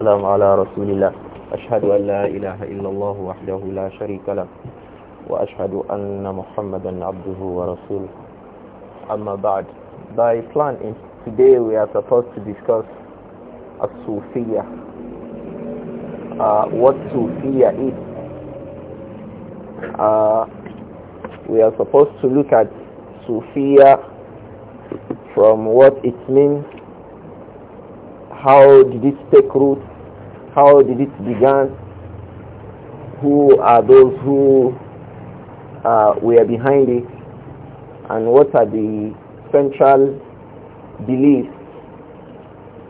السلام على رسول الله أشهد أن لا إله إلا الله وحده لا شريك له وأشهد أن محمدا عبده ورسوله أما بعد by plan today we are supposed to discuss a uh, what Sufiya is we are supposed to look at Sufiya from what it means how did it take root, how did it begin, who are those who uh, were behind it, and what are the central beliefs,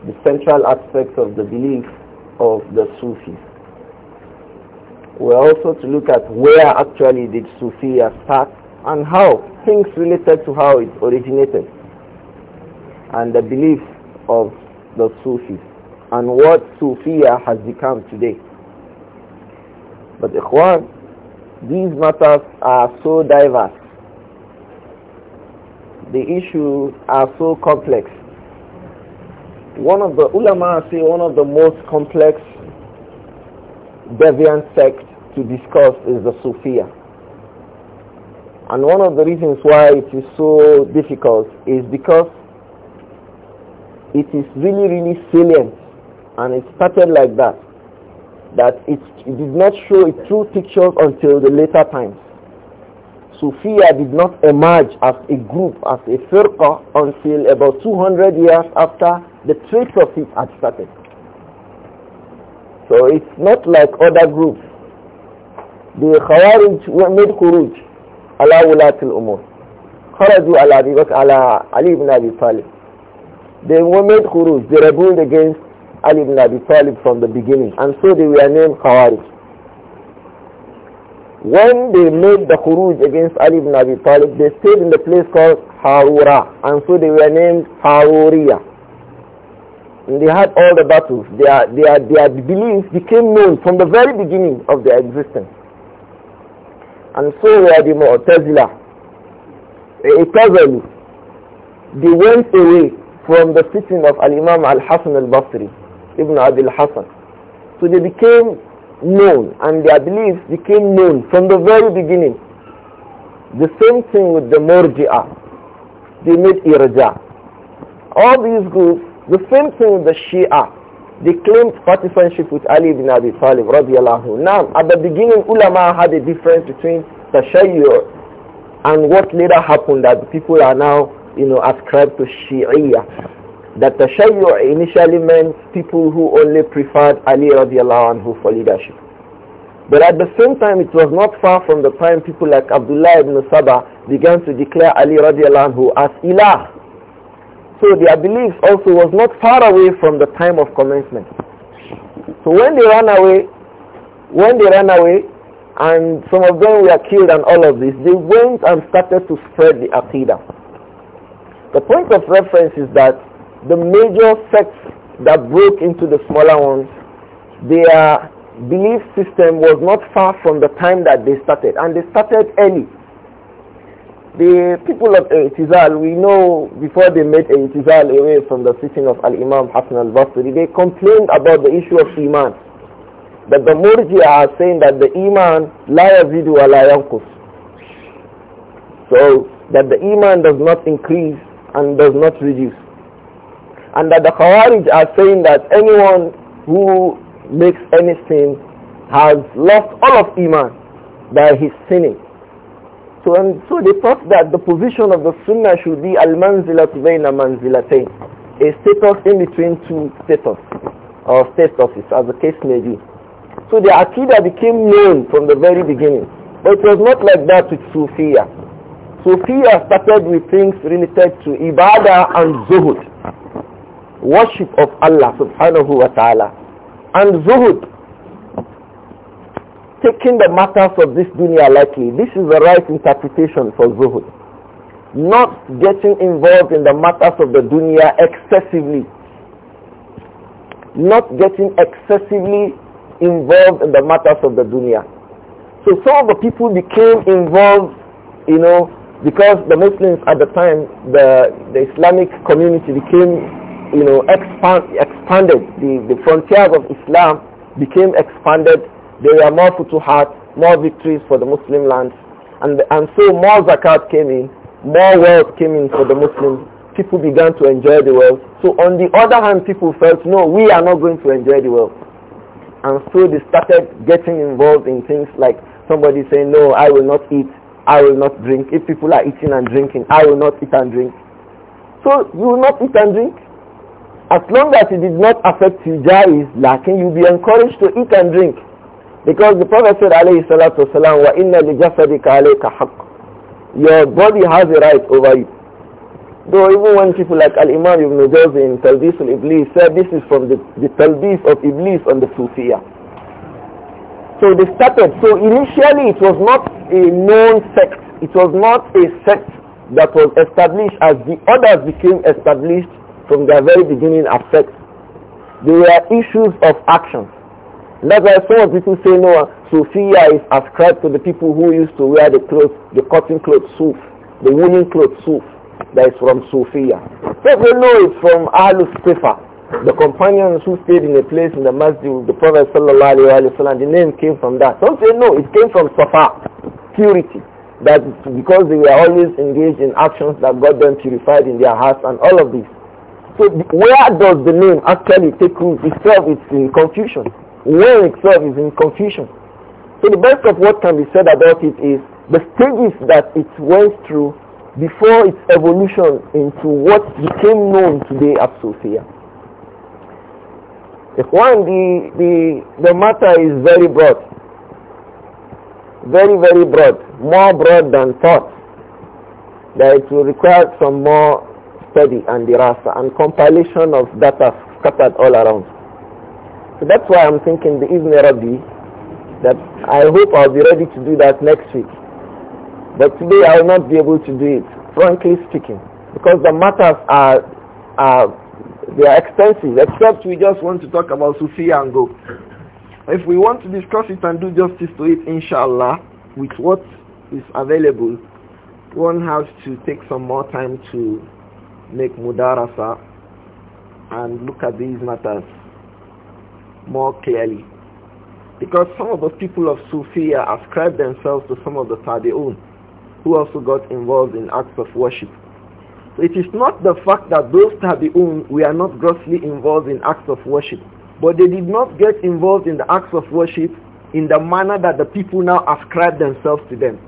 the central aspects of the belief of the Sufis. We're also to look at where actually did Sufia start and how, things related to how it originated and the beliefs of the Sufis and what Sufia has become today. But Ikhwan, these matters are so diverse. The issues are so complex. One of the ulama say one of the most complex deviant sect to discuss is the Sufia. And one of the reasons why it is so difficult is because it is really, really salient. And it started like that. That it, it did not show a true picture until the later times. Sufia did not emerge as a group, as a firqa, until about 200 years after the trace of it had started. So it's not like other groups. The Khawarij made Khuruj, ala wulatil umur. خرجوا على على علي بن they wanted Khuruj. They rebelled against Ali ibn Abi Talib from the beginning. And so they were named Khawarij. When they made the Khuruj against Ali ibn Abi Talib, they stayed in the place called Harura. And so they were named Haruriya. And they had all the battles. Their, their, their beliefs became known from the very beginning of their existence. And so were the Mu'tazila. They went away from the sitting of Al-Imam Al-Hasan Al-Basri, Ibn Abi Al-Hasan. So they became known and their beliefs became known from the very beginning. The same thing with the Murji'ah. They made Irja. All these groups, the same thing with the Shia. They claimed partisanship with Ali ibn Abi Talib radiallahu. Now, at the beginning, ulama had a difference between the Shia and what later happened that the people are now you know, ascribed to Shia. That the Shia initially meant people who only preferred Ali radiallahu anhu for leadership. But at the same time, it was not far from the time people like Abdullah ibn Saba began to declare Ali radiallahu anhu as Ilah. So their belief also was not far away from the time of commencement. So when they ran away, when they ran away, and some of them were killed and all of this, they went and started to spread the Aqidah. The point of reference is that the major sects that broke into the smaller ones, their belief system was not far from the time that they started. And they started early. The people of Itizal, we know before they made Itizal away from the sitting of Al-Imam Hassan al-Basri, they complained about the issue of Iman. That the Murji'a are saying that the Iman, لا يزيد ولا ينقص. So that the Iman does not increase and does not reduce. And that the Khawarij are saying that anyone who makes any sin has lost all of Iman by his sinning. So, and so they thought that the position of the Sunnah should be al-manzilat bayna manzilatain, a status in between two status, or statuses as the case may be. So the Aqidah became known from the very beginning. But it was not like that with Sufiya fear started with things related to ibadah and zuhud, worship of Allah subhanahu wa ta'ala, and zuhud, taking the matters of this dunya lightly. This is the right interpretation for zuhud. Not getting involved in the matters of the dunya excessively. Not getting excessively involved in the matters of the dunya. So some of the people became involved, you know, because the Muslims at the time, the, the Islamic community became, you know, expand, expanded. The, the frontiers of Islam became expanded. There were more futuhat, more victories for the Muslim lands. And, and so more zakat came in, more wealth came in for the Muslims. People began to enjoy the wealth. So on the other hand, people felt, no, we are not going to enjoy the wealth. And so they started getting involved in things like somebody saying, no, I will not eat I will not drink. If people are eating and drinking, I will not eat and drink. So you will not eat and drink. As long as it did not affect you, jais, lacking, you'll be encouraged to eat and drink. Because the Prophet said, alayhi salatu wasalam, wa inna li jasadika alayka haqq. Your body has a right over you. Though even when people like Al-Imam Ibn Jawzi in Talbis al-Iblis said this is from the, the Talbis of Iblis on the Sufiyah. So they started. So initially it was not a known sect. It was not a sect that was established as the others became established from their very beginning as sects. They were issues of actions. That's why some people say no, Sophia is ascribed to the people who used to wear the clothes, the cotton clothes, suf, the woolen clothes, suf, that is from Sophia. People know it's from Ahlus Sifa. The companions who stayed in a place in the masjid with the Prophet sallallahu alaihi wasallam, the name came from that. Don't say no, it came from Safa, purity. That because they were always engaged in actions that got them purified in their hearts and all of this. So where does the name actually take root? Itself is in confusion. Where itself is in confusion. So the best of what can be said about it is the stages that it went through before its evolution into what became known today as Sophia. One, the, the, the matter is very broad. Very, very broad. More broad than thought. That it will require some more study and dirasa and compilation of data scattered all around. So that's why I'm thinking the Ibn Arabi that I hope I'll be ready to do that next week. But today I will not be able to do it, frankly speaking, because the matters are, are they are expensive, except we just want to talk about Sufi and go. If we want to discuss it and do justice to it, inshallah, with what is available, one has to take some more time to make mudarasa and look at these matters more clearly. Because some of the people of Sufia ascribe themselves to some of the Tabi'un who also got involved in acts of worship so it is not the fact that those tabi'un were not grossly involved in acts of worship, but they did not get involved in the acts of worship in the manner that the people now ascribe themselves to them.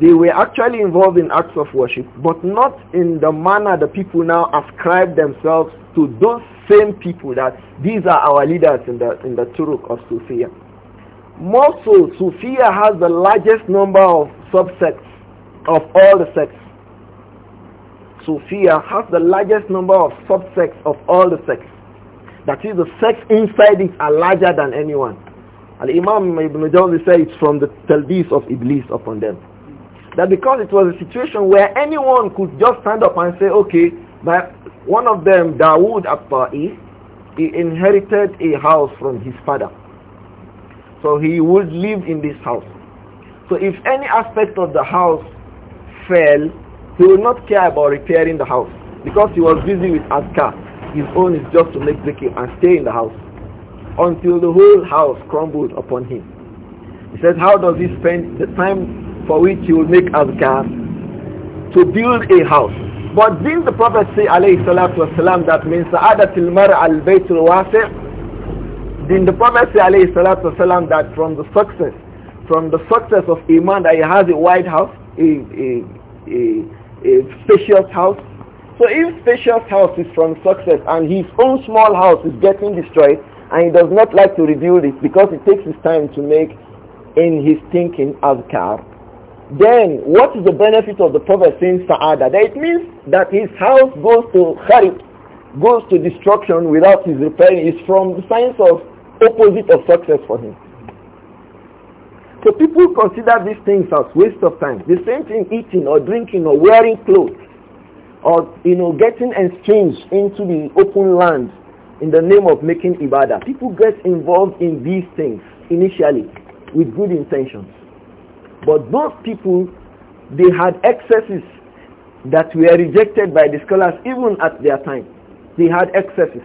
They were actually involved in acts of worship, but not in the manner the people now ascribe themselves to those same people that these are our leaders in the, in the Turuk of Sufia. More so, Sufia has the largest number of subsects of all the sects. Sophia has the largest number of subsects of all the sects. That is, the sects inside it are larger than anyone. And Imam Ibn Jawzi said it's from the talbis of Iblis upon them. That because it was a situation where anyone could just stand up and say, okay, but one of them, Dawood Abba'i, he inherited a house from his father. So he would live in this house. So if any aspect of the house fell, he will not care about repairing the house because he was busy with Askar. His own is just to make zikr and stay in the house until the whole house crumbled upon him. He says, how does he spend the time for which he will make Askar to build a house? But didn't the Prophet say, alayhi salatu wasalam, that means sa'adatil al baytul wasi' Didn't the Prophet say, alayhi salatu wasalam, that from the success, from the success of Iman that he has a white house? a, a, a, a spacious house. So if spacious house is from success and his own small house is getting destroyed and he does not like to rebuild it because it takes his time to make in his thinking car. then what is the benefit of the Prophet saying sa'ada? That it means that his house goes to kharib, goes to destruction without his repairing. It's from the signs of opposite of success for him. So people consider these things as waste of time. The same thing eating or drinking or wearing clothes or you know getting exchanged into the open land in the name of making ibadah. People get involved in these things initially with good intentions. But those people, they had excesses that were rejected by the scholars even at their time. They had excesses.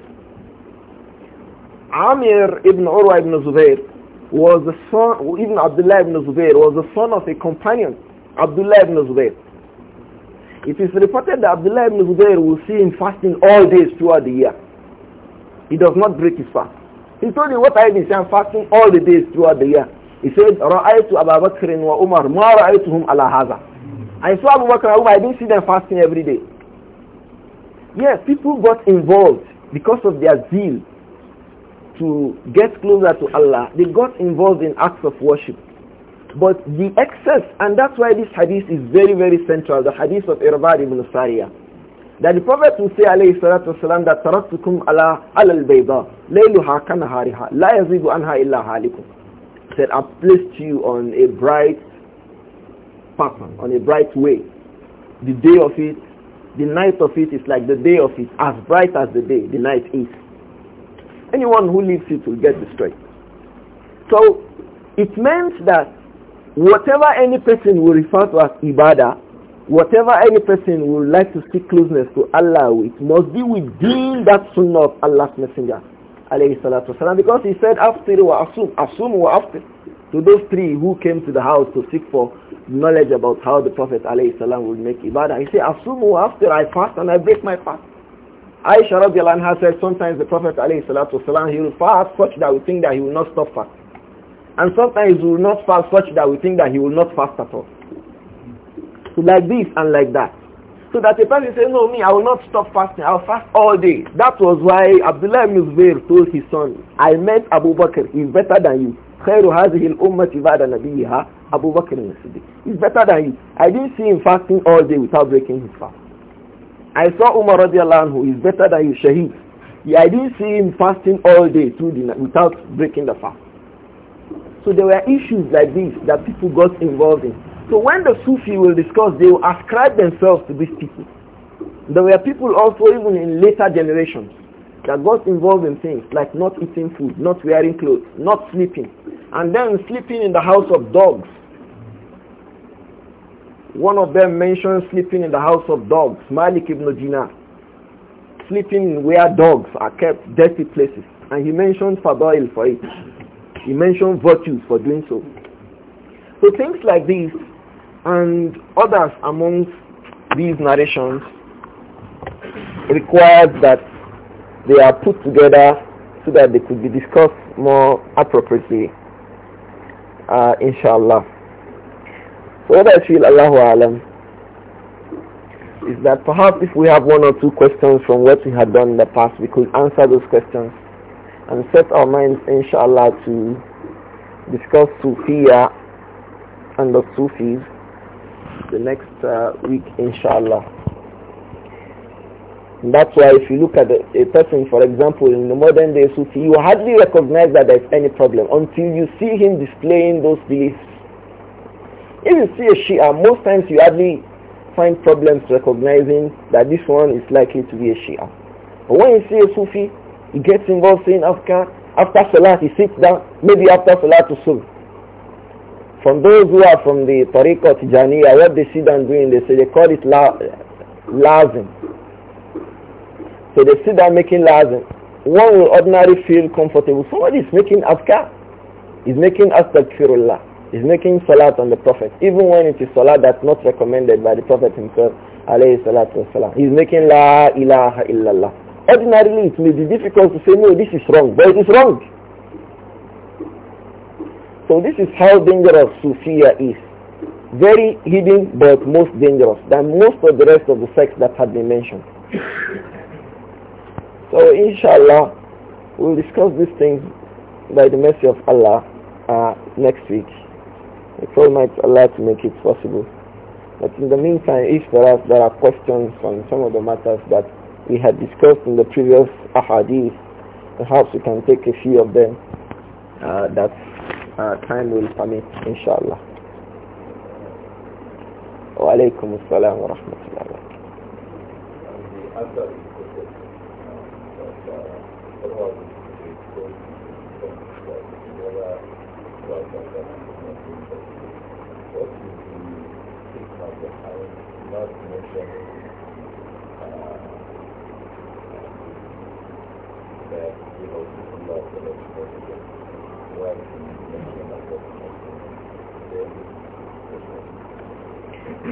Amir ibn Urwa ibn Zubayr was the son, even Abdullah ibn Zubayr was the son of a companion, Abdullah ibn Zubayr. It is reported that Abdullah ibn Zubayr will see him fasting all days throughout the year. He does not break his fast. He told him, what I did, I'm fasting all the days throughout the year. He said, رَأَيْتُ أَبَا wa Umar, مَا رَأَيْتُهُم عَلَى هَذَا I saw Abu Bakr and Umar, I didn't see them fasting every day. Yes, people got involved because of their zeal to get closer to Allah, they got involved in acts of worship. But the excess, and that's why this hadith is very, very central, the hadith of Irbad ibn Sariya. That the Prophet will say, alayhi salatu wasalam, that taraktukum ala alal bayda, layluha kanahariha, la yazidu anha illa halikum. Said, I placed you on a bright pattern, on a bright way. The day of it, the night of it is like the day of it, as bright as the day, the night is. Anyone who leaves it will get destroyed. So it meant that whatever any person will refer to as ibadah, whatever any person would like to seek closeness to Allah with must be within that sunnah of Allah's messenger because he said after wa asum asum wa after, to those three who came to the house to seek for knowledge about how the prophet would make ibadah he said asum wa after I fast and I break my fast Aisha radiallahu anha said sometimes the Prophet alayhi he will fast such that we think that he will not stop fasting. And sometimes he will not fast such that we think that he will not fast at all. So like this and like that. So that the person says, no, me, I will not stop fasting. I will fast all day. That was why Abdullah ibn Zubayr told his son, I met Abu Bakr. He's better than you. خير هذه الأمة بعد نبيها أبو بكر الصديق. He's better than you. I didn't see him fasting all day without breaking his fast. I saw Umar radiallahu anhu is better than you, Shaheed. Yeah, I didn't see him fasting all day through the night without breaking the fast. So there were issues like this that people got involved in. So when the Sufi will discuss, they will ascribe themselves to these people. There were people also even in later generations that got involved in things like not eating food, not wearing clothes, not sleeping, and then sleeping in the house of dogs one of them mentioned sleeping in the house of dogs, Malik ibn Dinar. Sleeping where dogs are kept, dirty places. And he mentioned fadail for it. He mentioned virtues for doing so. So things like these and others amongst these narrations requires that they are put together so that they could be discussed more appropriately, uh, inshallah what I feel, Allahu Alam, is that perhaps if we have one or two questions from what we had done in the past, we could answer those questions and set our minds, inshallah, to discuss Sufiya and the Sufis the next uh, week, inshallah. And that's why if you look at a, a person, for example, in the modern day Sufi, you hardly recognize that there's any problem until you see him displaying those beliefs if you see a Shia, most times you hardly find problems recognizing that this one is likely to be a Shia. But when you see a Sufi, he gets involved in Afghan. After Salat, he sits down, maybe after Salat to Sufi. From those who are from the Tariqah Tijaniya, what they sit down doing, they say they call it la lazim. So they sit down making lazim. One will ordinarily feel comfortable. Somebody is making afkar, He's making astaghfirullah is making salat on the Prophet, even when it is salat that's not recommended by the Prophet himself, alayhi salatu wasalam. He's making la ilaha illallah. Ordinarily, it may be difficult to say, no, this is wrong, but it is wrong. So this is how dangerous Sufia is. Very hidden, but most dangerous than most of the rest of the sects that have been mentioned. so inshallah, we'll discuss these things by the mercy of Allah uh, next week. We pray might Allah to make it possible. But in the meantime, if there are, there are questions on some of the matters that we had discussed in the previous ahadith, perhaps we can take a few of them uh, that uh, time will permit, inshallah. وعليكم السلام ورحمة الله وبركاته I would love to uh, that this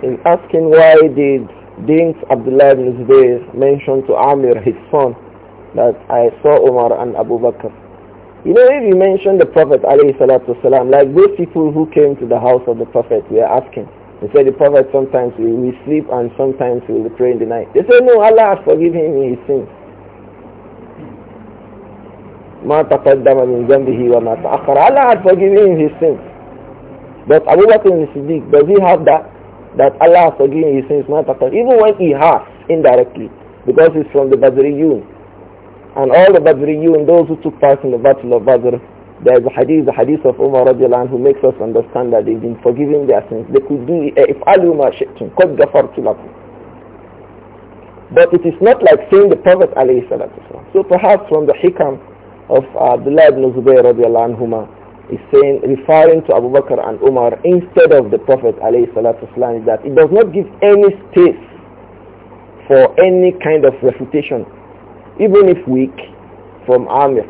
in asking why did Dings Abdullah ibn Zubayr mention to Amir, his son, that I saw Omar and Abu Bakr. You know, if you mention the Prophet والسلام, like those people who came to the house of the Prophet, we are asking, they said the Prophet sometimes will, sleep and sometimes we will pray in the night. They said, no, Allah has forgiven him his sins. ما تقدم من ذنبه وما تأخر Allah has forgiven him his sins. But Abu Bakr al-Siddiq, does he have that? That Allah has forgiven his sins, ما تقدم. Even when he has, indirectly, because he's from the Badriyun. And all the Badriyun, those who took part in the Battle of Badr, there is a hadith, the hadith of Umar radiallahu who makes us understand that they've been forgiven their sins. They could do eh, if aluma shaitun, qad ghafartu lakum. But it is not like saying the Prophet alayhi salatu So perhaps from the hikam of Abdullah ibn Zubayr radiallahu Anhu, is saying, referring to Abu Bakr and Umar instead of the Prophet alayhi salatu wasalam, that it does not give any space for any kind of refutation, even if weak, from Amir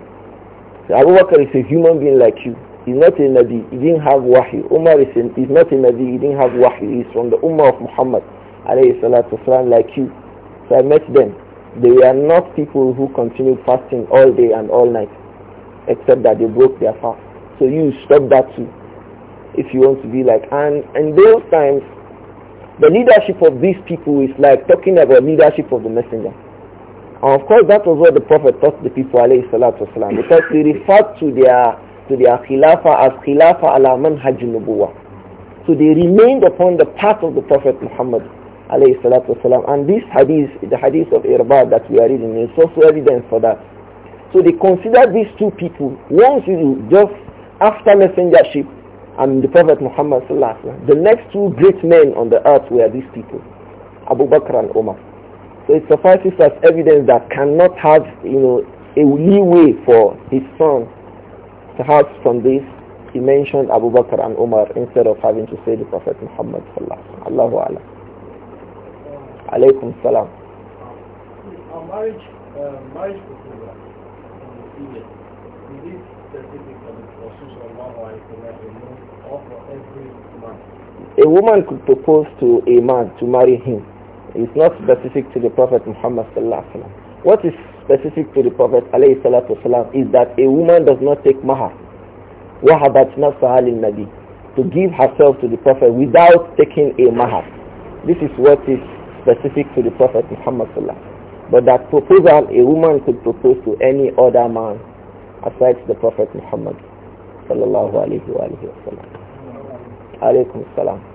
Abu Bakr is a human being like you. He's not a Nabi. He didn't have wahi. Umar is a, he's not a Nabi. He didn't have wahi. He's from the Ummah of Muhammad alayhi salatu wasalam, like you. So I met them. They are not people who continued fasting all day and all night, except that they broke their fast. So you stop that too, if you want to be like. And in those times, the leadership of these people is like talking about leadership of the messenger. And of course, that was what the Prophet taught the people, alayhi salatu wasalam, because he referred to their, to their khilafah as khilafah ala manhaj nubuwa. So they remained upon the path of the Prophet Muhammad, alayhi salatu wasalam. And this hadith, the hadith of Irbad that we are reading, is also evidence for that. So they considered these two people, once you just after messengership and the Prophet Muhammad the next two great men on the earth were these people, Abu Bakr and Umar. So it suffices as evidence that cannot have, you know, a leeway for his son. Perhaps from this, he mentioned Abu Bakr and Umar instead of having to say the Prophet Muhammad sallallahu Allahu Alaykum salam. Um, marriage, uh, marriage proposal the uh, for or for every man? A woman could propose to a man to marry him is not specific to the Prophet Muhammad sallallahu What is specific to the Prophet alayhi salatu wasalam is that a woman does not take mahar. وَهَبَتْ نَفْسَهَا nabi To give herself to the Prophet without taking a mahar. This is what is specific to the Prophet Muhammad But that proposal a woman could propose to any other man aside the Prophet Muhammad sallallahu alayhi wa sallam. Alaykum salam.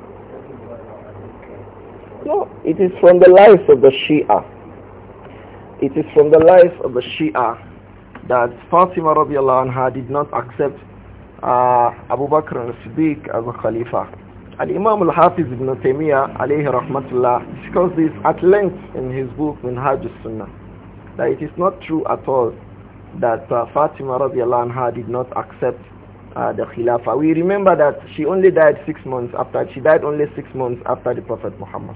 No, it is from the life of the Shia. It is from the life of the Shia that Fatima radiallahu anha did not accept uh, Abu Bakr al-Siddiq as a Khalifa. And Imam al-Hafiz ibn Taymiyyah alayhi rahmatullah discussed this at length in his book Minhaj al-Sunnah that it is not true at all that uh, Fatima radiallahu anha did not accept uh, the Khilafah. We remember that she only died six months after, she died only six months after the Prophet Muhammad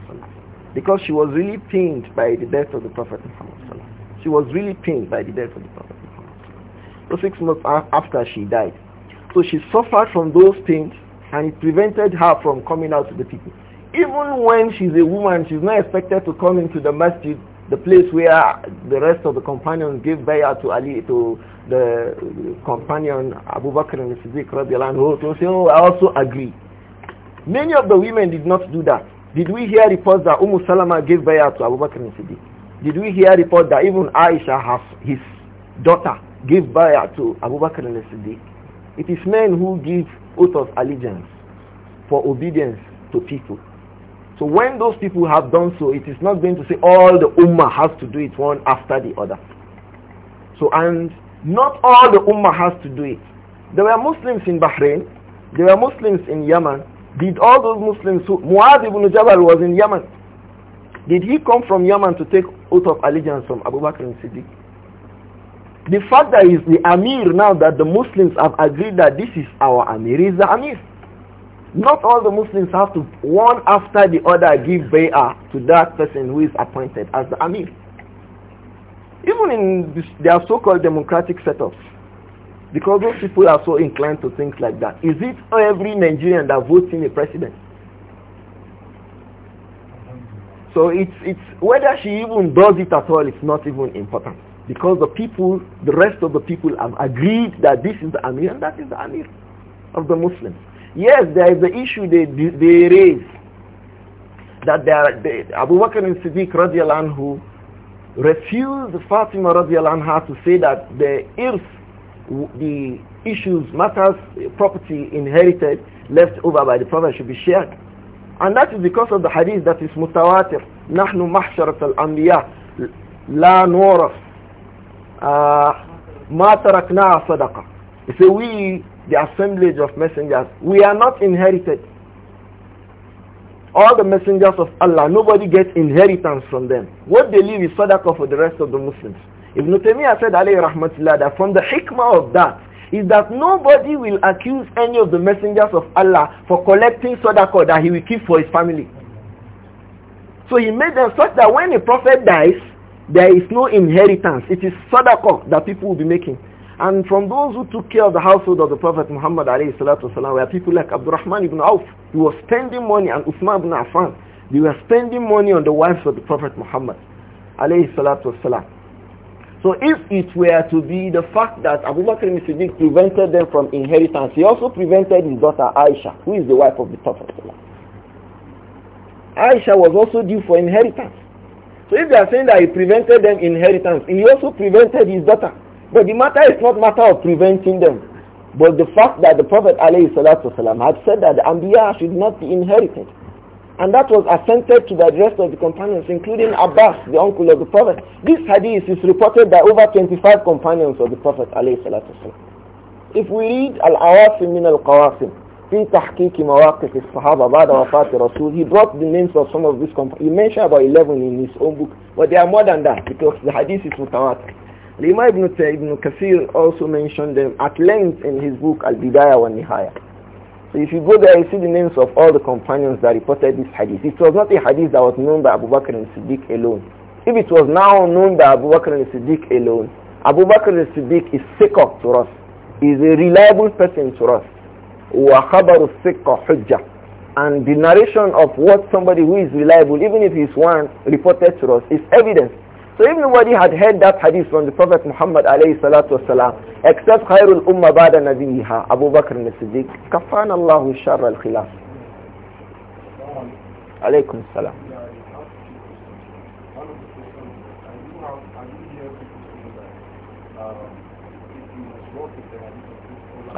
because she was really pained by the death of the Prophet Muhammad She was really pained by the death of the Prophet Muhammad So six months after she died. So she suffered from those pains and it prevented her from coming out to the people. Even when she's a woman, she's not expected to come into the masjid the place where the rest of the companions gave bayah to Ali, to the companion Abu Bakr and Siddiq radiallahu to say, oh, I also agree. Many of the women did not do that. Did we hear reports that Umm Salama gave bayah to Abu Bakr and Siddiq? Did we hear reports that even Aisha, has, his daughter, gave bayah to Abu Bakr and Siddiq? It is men who give oath of allegiance for obedience to people. So when those people have done so, it is not going to say all the ummah has to do it one after the other. So and not all the ummah has to do it. There were Muslims in Bahrain, there were Muslims in Yemen. Did all those Muslims who Muad ibn Jabal was in Yemen. Did he come from Yemen to take oath of allegiance from Abu Bakr and Siddiq? The fact that is the Amir now that the Muslims have agreed that this is our Amir is the Amir. Not all the Muslims have to one after the other give bay'ah to that person who is appointed as the Amir. Even in this, their so-called democratic setups, because those people are so inclined to things like that. Is it every Nigerian that votes in a president? So it's, it's whether she even does it at all, is not even important. Because the people, the rest of the people have agreed that this is the Amir and that is the Amir of the Muslims. Yes, there is the issue they, they raise that there, are, they, Abu Bakr and Siddiq radiallahu who refused Fatima radiallahu anha to say that the irs, the issues, matters, property inherited, left over by the Prophet should be shared. And that is because of the hadith that is mutawatir. نحن محشرة الأنبياء لا نورث ما تركنا صدقة. He said, we the assemblage of messengers. We are not inherited. All the messengers of Allah, nobody gets inheritance from them. What they leave is sadaqah for the rest of the Muslims. Ibn Taymiyyah said, alayhi rahmatullah, that from the hikmah of that is that nobody will accuse any of the messengers of Allah for collecting sadaqah that he will keep for his family. So he made them such that when a prophet dies, there is no inheritance. It is sadaqah that people will be making. And from those who took care of the household of the Prophet Muhammad والسلام, were people like Abdurrahman ibn Auf. who was spending money and Uthman ibn Affan. They were spending money on the wives of the Prophet Muhammad So if it were to be the fact that Abu Bakr ibn siddiq prevented them from inheritance, he also prevented his daughter Aisha, who is the wife of the Prophet. Aisha was also due for inheritance. So if they are saying that he prevented them inheritance, he also prevented his daughter. But the matter is not matter of preventing them. But the fact that the Prophet والسلام, had said that the Anbiya should not be inherited. And that was assented to by the rest of the companions, including Abbas, the uncle of the Prophet. This hadith is reported by over 25 companions of the Prophet If we read Al-Awasim min Al-Qawasim, في تحقيق مواقف الصحابة بعد وفاة الرسول he brought the names of some of these companions he mentioned about 11 in his own book but there are more than that because the hadith is mutawatir the ibn ibn, ibn Kathir also mentioned them at length in his book Al-Bidayah wa Nihaya. So if you go there, you see the names of all the companions that reported this hadith. It was not a hadith that was known by Abu Bakr and Siddiq alone. If it was now known by Abu Bakr and Siddiq alone, Abu Bakr and Siddiq is sikh to us. He is a reliable person to us. وَخَبَرُ السِّقَّ حُجَّةً and the narration of what somebody who is reliable, even if he's one, reported to us is evidence. So if nobody had heard that hadith from the Prophet Muhammad alayhi salatu wasalam, except Khairul Ummah Bada Nabiha, Abu Bakr al-Siddiq, kafan Allahu shar al-khilaf. Alaykum salam.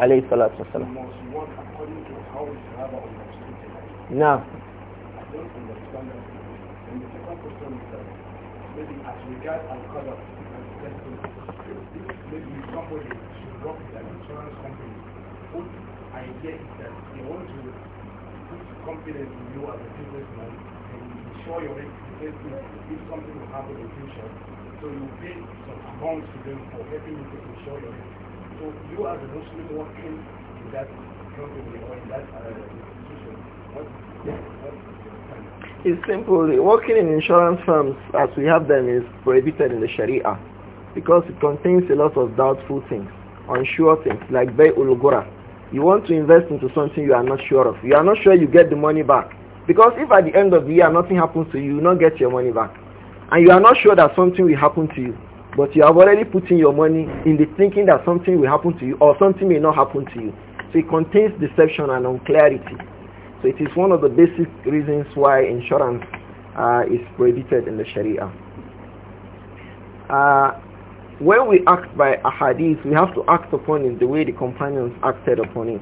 alayhi salatu wasalam. No maybe as regards and conduct and testing. Maybe somebody should work with insurance company I idea is that they want to put confidence in you as a businessman and ensure your reputation. if something will happen in the future. So you pay some amount to them for helping you to ensure your So you as a Muslim working in that company or in that uh, institution, what, what is simple. Working in insurance firms as we have them is prohibited in the Sharia because it contains a lot of doubtful things, unsure things, like bay Ulugura. You want to invest into something you are not sure of. You are not sure you get the money back. Because if at the end of the year nothing happens to you, you will not get your money back. And you are not sure that something will happen to you. But you have already put in your money in the thinking that something will happen to you or something may not happen to you. So it contains deception and unclarity. So it is one of the basic reasons why insurance uh, is prohibited in the Sharia. Uh, when we act by a hadith, we have to act upon it the way the companions acted upon it.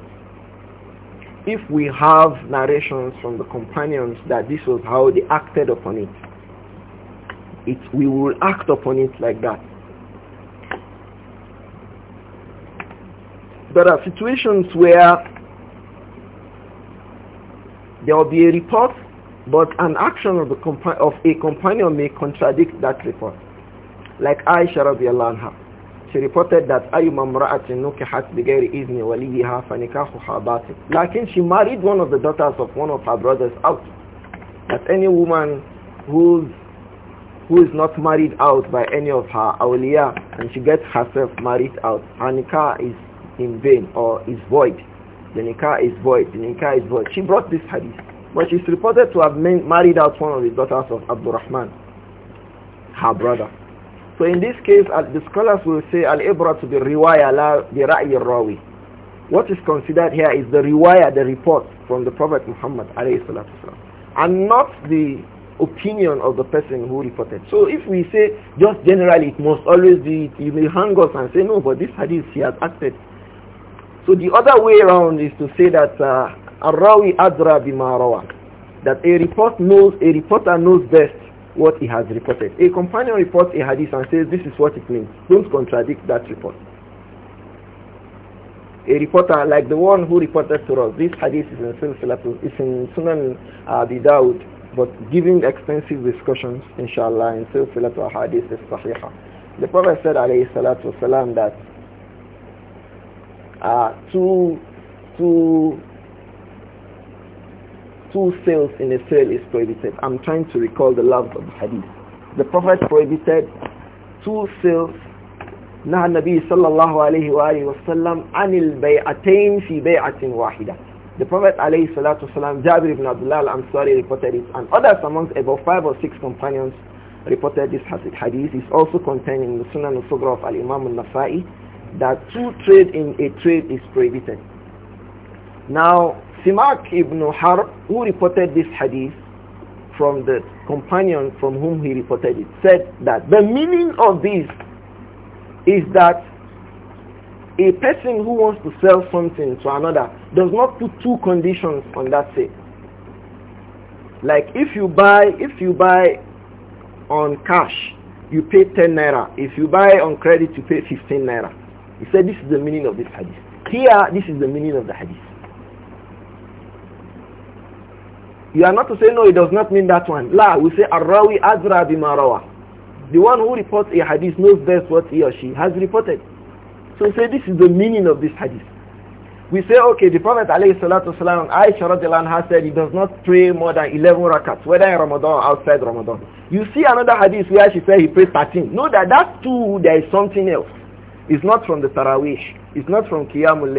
If we have narrations from the companions that this was how they acted upon it, it we will act upon it like that. There are situations where there will be a report, but an action of, compa of a companion may contradict that report. Like Aisha radiallahu anha. She reported that أَيُّمَا مْرَأَةٍ نُكِحَتْ بِغَيْرِ إِذْنِ وَلِيِّهَا فَنِكَاحُهَا بَاطِلٌ Lakin she married one of the daughters of one of her brothers out. That any woman who's, who is not married out by any of her awliya and she gets herself married out, her nikah is in vain or is void. The nikah is void. The nikah is void. She brought this hadith. But she's reported to have married out one of the daughters of Abdurrahman, her brother. So in this case, uh, the scholars will say al-ibra to be riwayah la bi ra'yi rawi. What is considered here is the riwayah, the report from the Prophet Muhammad alayhi and not the opinion of the person who reported. So if we say just generally it must always be, you may hang us and say no, but this hadith he has acted so the other way around is to say that uh, Arrawi Adra Bimarawa, that a report knows, a reporter knows best what he has reported. A companion reports a hadith and says this is what it means. Don't contradict that report. A reporter like the one who reported to us, this hadith is in it's in Sunan Abi Dawud, but giving extensive discussions, inshallah, in Silsilatul Hadith is Sahihah. The Prophet said, alayhi salatu wasalam, that uh, two, two, two sales in a sale is prohibited. I'm trying to recall the love of the hadith. The Prophet prohibited two sales نهى النبي صلى الله عليه وآله وسلم عن البيعتين في بيعة واحدة The Prophet عليه الصلاة والسلام Jabir ibn Abdullah I'm sorry, reported it and others amongst about five or six companions reported this hadith It's also contained in the Sunan al-Sugra of al-Imam al-Nasai that two trade in a trade is prohibited. Now, Simak ibn Harb, who reported this hadith from the companion from whom he reported it, said that the meaning of this is that a person who wants to sell something to another does not put two conditions on that sale. Like if you buy, if you buy on cash, you pay 10 naira. If you buy on credit, you pay 15 naira. He said this is the meaning of this hadith. Here, this is the meaning of the hadith. You are not to say, no, it does not mean that one. La, we say, Arrawi Azra Bimarawa. The one who reports a hadith knows best what he or she has reported. So say, this is the meaning of this hadith. We say, okay, the Prophet alayhi salatu Aisha radiallahu said he does not pray more than 11 rakats, whether in Ramadan or outside Ramadan. You see another hadith where she said he prays 13. Know that that too, there is something else. It's not from the Tarawih. It's not from Qiyamul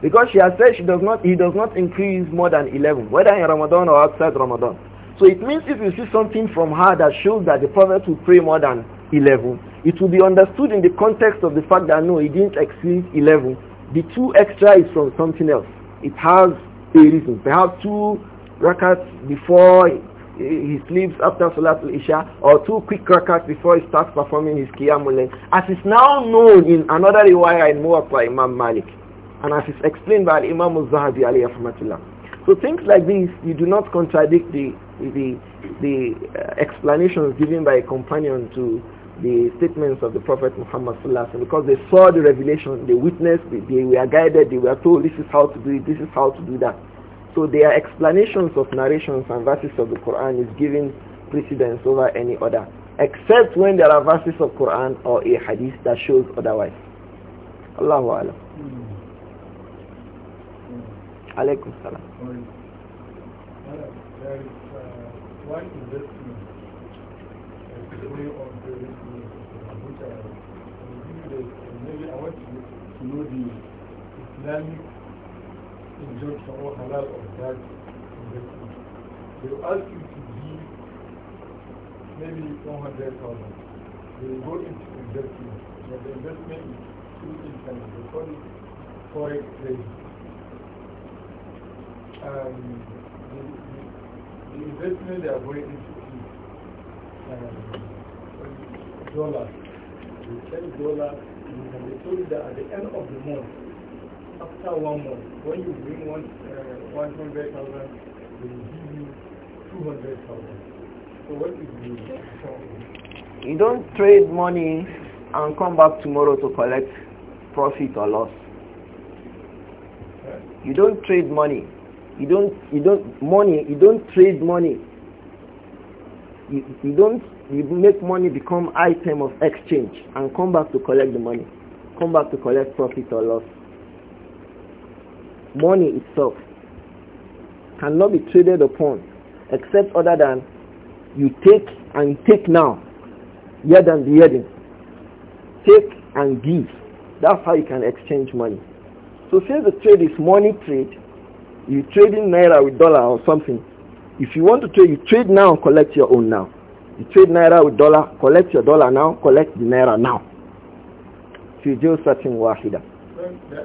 Because she has said she does not, he does not increase more than 11, whether in Ramadan or outside Ramadan. So it means if you see something from her that shows that the Prophet will pray more than 11, it will be understood in the context of the fact that no, he didn't exceed 11. The two extra is from something else. It has a reason. Perhaps two rakats before he sleeps after Salatul Isha or two quick rakats before he starts performing his Qiyamul As is now known in another riwayah in Muwatta Imam Malik and as is explained by Imam al-Zahabi alayhi rahmatullah. So things like this, you do not contradict the, the, the uh, explanations given by a companion to the statements of the Prophet Muhammad sallallahu because they saw the revelation, they witnessed, they, they were guided, they were told this is how to do it, this is how to do that. So their explanations of narrations and verses of the Quran is given precedence over any other, except when there are verses of Quran or a hadith that shows otherwise. Allahu Alam. Alaykum salam. way of the which I, maybe I want to know the Islamic injunction or halal of that investment, they will ask you to give maybe 100,000. They go into investment, but the investment is two incomes. They call it forex trade. Um, the, investment they are going into is um, dollars. They sell dollars, and they told you that at the end of the month, after one month, when you bring one uh, 100,000, they give you 200,000. So what is the You don't trade money and come back tomorrow to collect profit or loss. You don't trade money. You don't you don't money, you don't trade money. You, you don't you make money become item of exchange and come back to collect the money. Come back to collect profit or loss money itself cannot be traded upon except other than you take and take now yet and the yet take and give that's how you can exchange money so since the trade is money trade you trading naira with dollar or something if you want to trade you trade now collect your own now you trade naira with dollar collect your dollar now collect the naira now you do such in wahida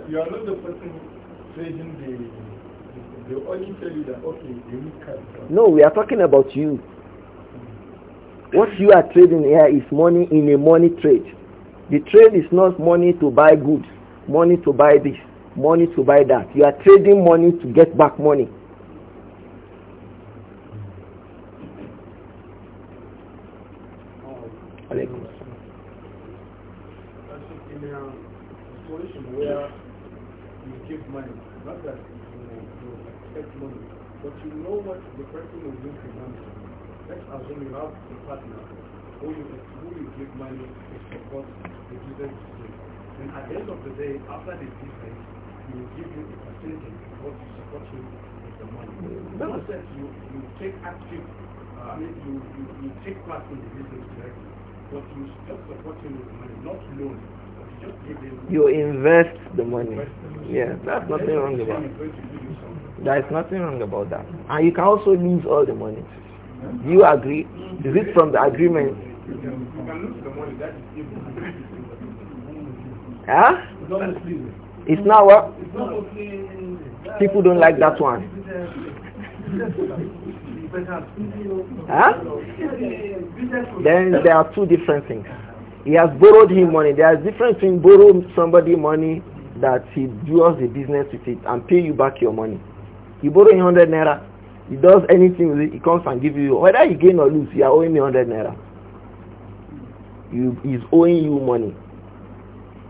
you are not the person the, only okay, No, we are talking about you. What you are trading here is money in a money trade. The trade is not money to buy goods, money to buy this, money to buy that. You are trading money to get back money. money to support the given slave. And at the end of the day, after the difference, you will give you a facility of what you support him with the money. No. Not that you, you take active, uh, I mean, you, you, you take part in the business directly, but you still support him with money, not loan. You, invest the money. Yeah, that's nothing wrong about that. There is nothing wrong about that. And you can also lose all the money. Do you agree? Is it from the agreement you can, lose the money. huh? It's not what? People don't like that one. huh? Then there are two different things. He has borrowed him money. There is difference between borrowing somebody money that he does a business with it and pay you back your money. He borrow 100 naira. He does anything with it. He comes and give you. Whether you gain or lose, you are owing me 100 naira. You, he's owing you money.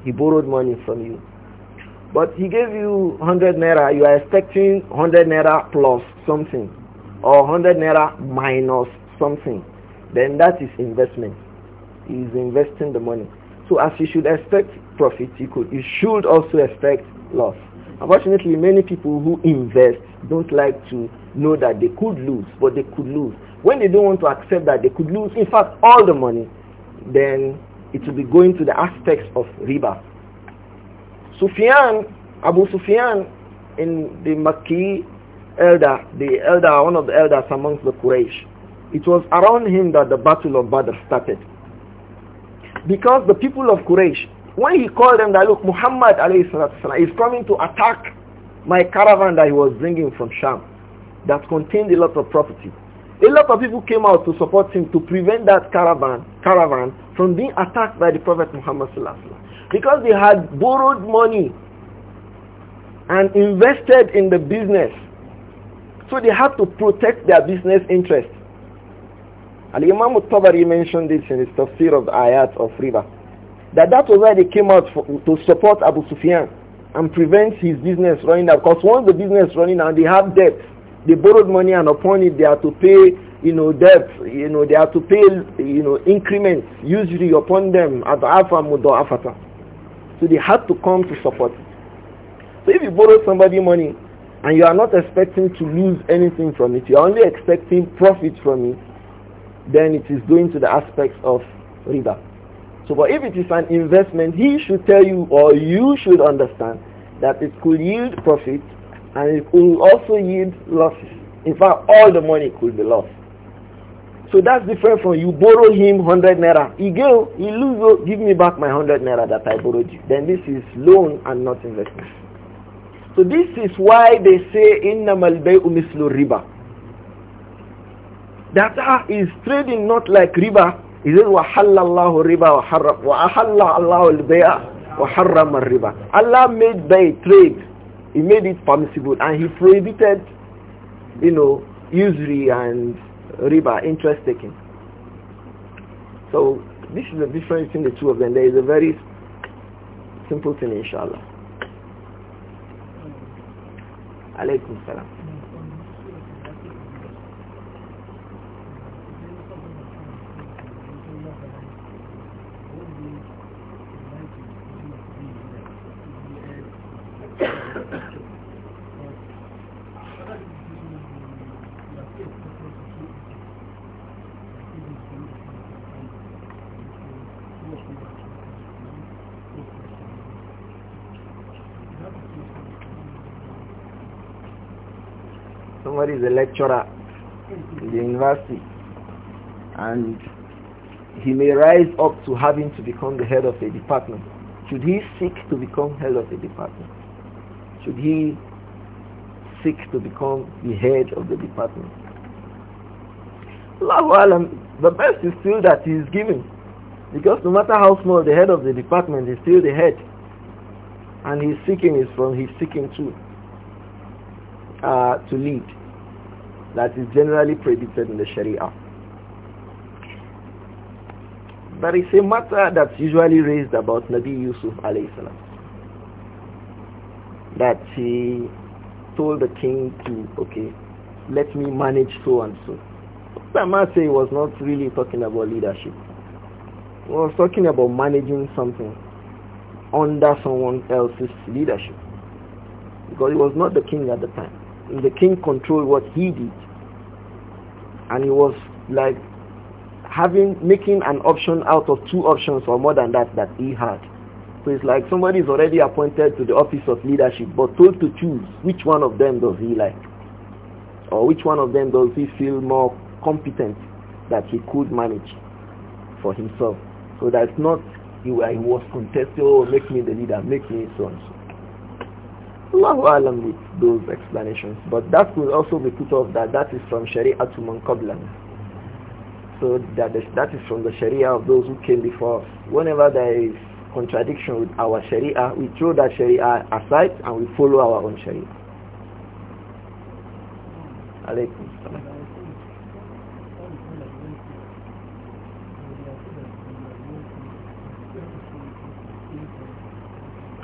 He borrowed money from you. But he gave you 100 naira. You are expecting 100 naira plus something or 100 naira minus something. Then that is investment. He is investing the money. So as you should expect profit, you, could, you should also expect loss. Unfortunately, many people who invest don't like to know that they could lose, but they could lose. When they don't want to accept that they could lose, in fact, all the money, then it will be going to the aspects of riba. Sufyan, Abu Sufyan, in the Makki elder, the elder, one of the elders amongst the Quraysh, it was around him that the battle of Badr started. Because the people of Quraysh, when he called them that, look, Muhammad والسلام, is coming to attack my caravan that he was bringing from Sham, that contained a lot of property. A lot of people came out to support him to prevent that caravan, caravan from being attacked by the Prophet Muhammad because they had borrowed money and invested in the business. So they had to protect their business interests. Al-Imam al-Tabari mentioned this in his tafsir of the ayat of Riba. That that was why they came out for, to support Abu Sufyan and prevent his business running out. Because once the business running out, they have debts. They borrowed money and upon it they are to pay, you know, debt, you know, they are to pay, you know, increments usually upon them at Alpha Mudafata. So they had to come to support. it. So if you borrow somebody money and you are not expecting to lose anything from it, you are only expecting profit from it, then it is going to the aspects of riba. So but if it is an investment, he should tell you or you should understand that it could yield profit and it will also yield losses. In fact, all the money could be lost. So that's different from you borrow him 100 naira. He go, he lose, oh, give me back my 100 naira that I borrowed you. Then this is loan and not investment. So this is why they say innamal bay'u mislu riba. That ah, is trading not like riba. He says wa halallahu riba wa harra wa ahalla Allahu al-bay'a wa harrama riba. Allah made bay trade he made it permissible and he prohibited, you know, usury and riba, interest taking. So this is the difference between the two of them. There is a very simple thing, inshallah. Alaykum salam. somebody is a lecturer in the university and he may rise up to having to become the head of a department. Should he seek to become head of a department? Should he seek to become the head of the department? the best is still that he is given. Because no matter how small the head of the department is still the head. And his seeking is from his seeking to Uh, to lead. That is generally predicted in the Sharia. There is a matter that's usually raised about Nabi Yusuf alayhi salam that he told the king to, okay, let me manage so and so. must say he was not really talking about leadership. He was talking about managing something under someone else's leadership. Because he was not the king at the time. The king controlled what he did. And he was like having making an option out of two options or more than that that he had. So it's like somebody is already appointed to the office of leadership but told to choose which one of them does he like or which one of them does he feel more competent that he could manage for himself. So that's not he, he was contested, oh make me the leader, make me so and so. Allahu alam with those explanations. But that will also be put off that that is from Sharia to Mankablan. So that is, that is from the Sharia of those who came before us. Whenever there is contradiction with our Sharia, we throw that Sharia aside and we follow our own Sharia.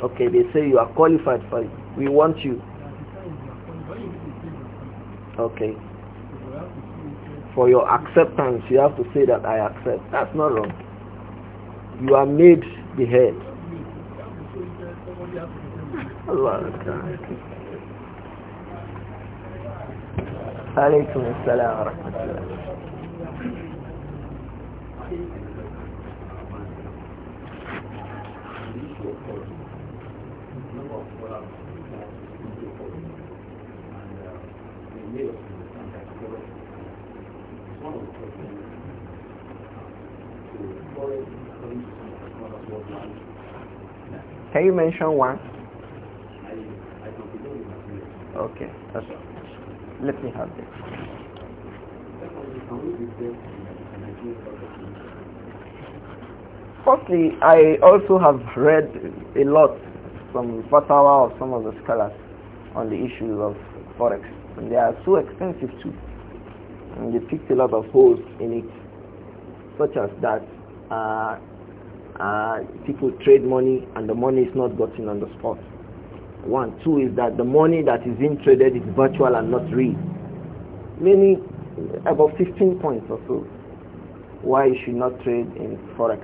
Okay, they say you are qualified for it. We want you. Okay. For your acceptance, you have to say that I accept. That's not wrong. You are made بهيل الله أكبر عليكم السلام ورحمة الله Thank you. Can you mention one? Okay. Let me have this. Firstly, I also have read a lot from Fatawa of some of the scholars on the issue of forex. And they are so expensive too. And they picked a lot of holes in it, such as that uh, uh, people trade money and the money is not gotten on the spot. One. Two is that the money that is being traded is virtual and not real. Many, about 15 points or so, why you should not trade in Forex.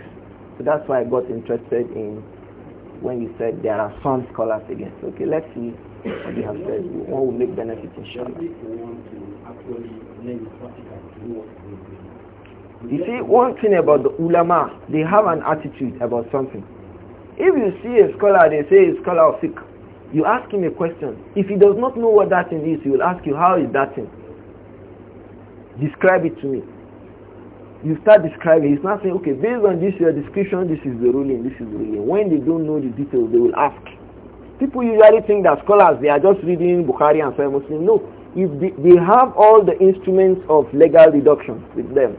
So that's why I got interested in when you said there are some scholars against. Okay, let's see what you have said. One will make benefit, inshallah. You see, one thing about the ulama, they have an attitude about something. If you see a scholar, they say a scholar of fiqh. You ask him a question. If he does not know what that thing is, he will ask you, how is that thing? Describe it to me. You start describing. He's not saying, okay, based on this your description, this is the ruling, this is the ruling. When they don't know the details, they will ask. People usually think that scholars, they are just reading Bukhari and Sahih Muslim. No. If they, they have all the instruments of legal deduction with them,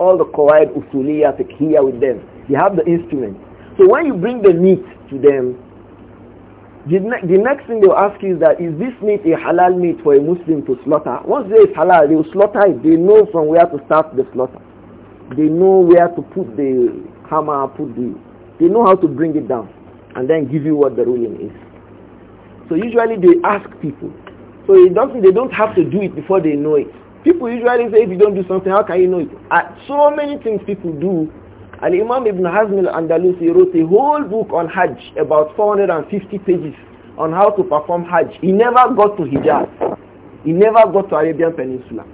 all the qawaid usuliyah fiqhiyah with them. You have the instrument. So when you bring the meat to them, the, ne the next thing they'll ask is that, is this meat a halal meat for a Muslim to slaughter? Once they is halal, they will slaughter it. They know from where to start the slaughter. They know where to put the hammer, put the... They know how to bring it down and then give you what the ruling is. So usually they ask people. So it doesn't, they don't have to do it before they know it. People usually say if you don't do something, how can you know it? Uh, so many things people do. And Imam Ibn Hazm al-Andalusi wrote a whole book on Hajj, about 450 pages, on how to perform Hajj. He never got to Hijaz. He never got to Arabian Peninsula.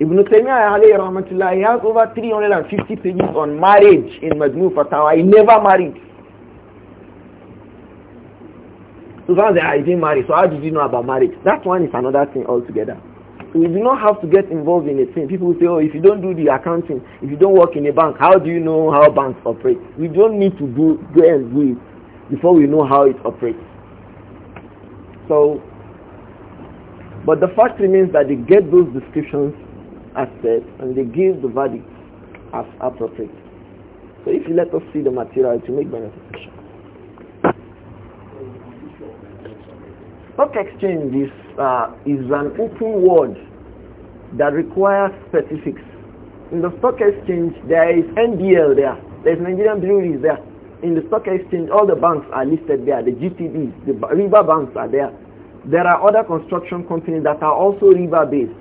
Ibn Taymiyyah he has over 350 pages on marriage in Majmu Fatawa. He never married. So someone says, ah, you didn't marry, so how did you know about marriage? That one is another thing altogether. we do not have to get involved in a thing. People say, oh, if you don't do the accounting, if you don't work in a bank, how do you know how banks operate? We don't need to do, go and do it before we know how it operates. So, but the fact remains that they get those descriptions as said, and they give the verdict as appropriate. So if you let us see the material, to make make beneficial. Stock exchange is, uh, is an open word that requires specifics. In the stock exchange, there is NBL there. There is Nigerian Breweries there. In the stock exchange, all the banks are listed there. The GTBs, the river banks are there. There are other construction companies that are also river-based.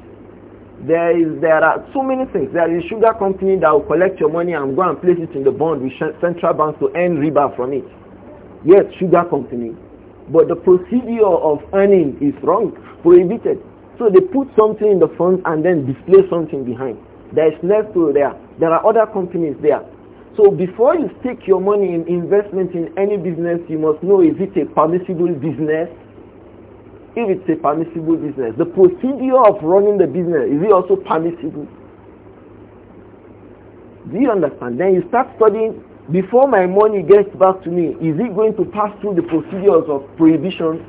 There is there are so many things. There is a sugar company that will collect your money and go and place it in the bond with central banks to earn riba from it. Yes, sugar company but the procedure of earning is wrong, prohibited. So they put something in the front and then display something behind. There is left to there. There are other companies there. So before you stick your money in investment in any business, you must know is it a permissible business? If it's a permissible business, the procedure of running the business, is it also permissible? Do you understand? Then you start studying before my money gets back to me, is it going to pass through the procedures of prohibition?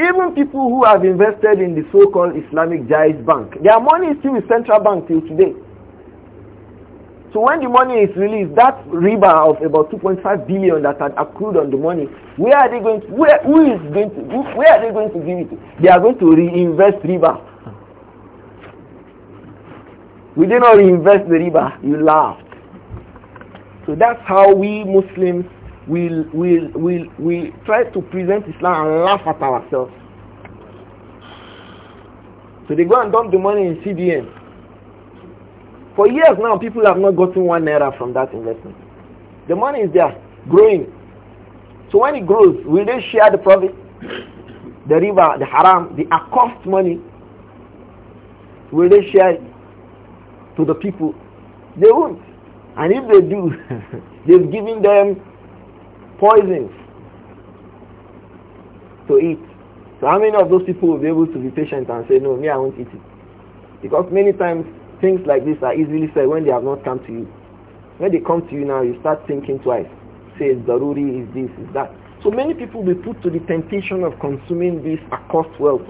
Even people who have invested in the so-called Islamic Jais Bank, their money is still with central bank till today. So when the money is released, that riba of about 2.5 billion that had accrued on the money, where are they going to, where, who is going to, who, where are they going to give it to? They are going to reinvest riba. We did not reinvest the riba. You laugh. So that's how we Muslims will will will will try to present Islam and laugh at ourselves. So they go and dump the money in CBN. For years now, people have not gotten one naira from that investment. The money is there, growing. So when it grows, will they share the profit? The river, the haram, the accost money, will they share it to the people? They won't. And if they do, they've given them poisons to eat. So how many of those people will be able to be patient and say, no, me, I won't eat it? Because many times things like this are easily said when they have not come to you. When they come to you now, you start thinking twice. Say, Daruri is this, is that. So many people will be put to the temptation of consuming this accursed wealth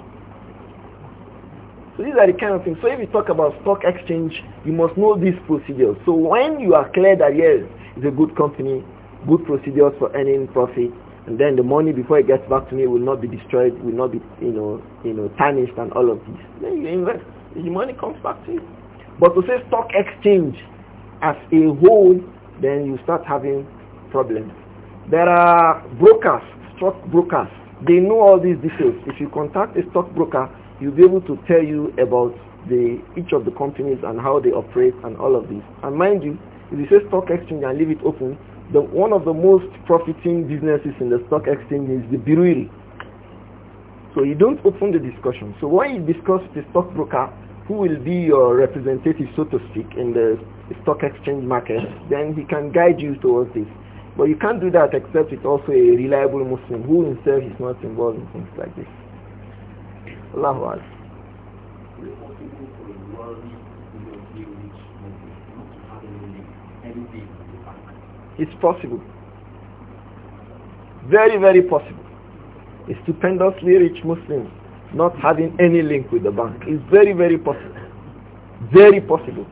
so these are the kind of things. So if you talk about stock exchange, you must know these procedures. So when you are clear that yes, it's a good company, good procedures for earning profit, and then the money before it gets back to me will not be destroyed, will not be you know you know tarnished and all of this. Then you invest, the money comes back to you. But to say stock exchange as a whole, then you start having problems. There are brokers, stock brokers. They know all these details. If you contact a stock broker, you'll be able to tell you about the each of the companies and how they operate and all of this. And mind you, if you say stock exchange and leave it open, the, one of the most profiting businesses in the stock exchange is the brewery. So you don't open the discussion. So when you discuss the stockbroker, who will be your representative, so to speak, in the stock exchange market, then he can guide you towards this. But you can't do that except with also a reliable Muslim who himself is not involved in things like this. Allahu Akbar. It's possible. Very, very possible. A stupendously rich Muslim not having any link with the bank is very, very possible. Very possible.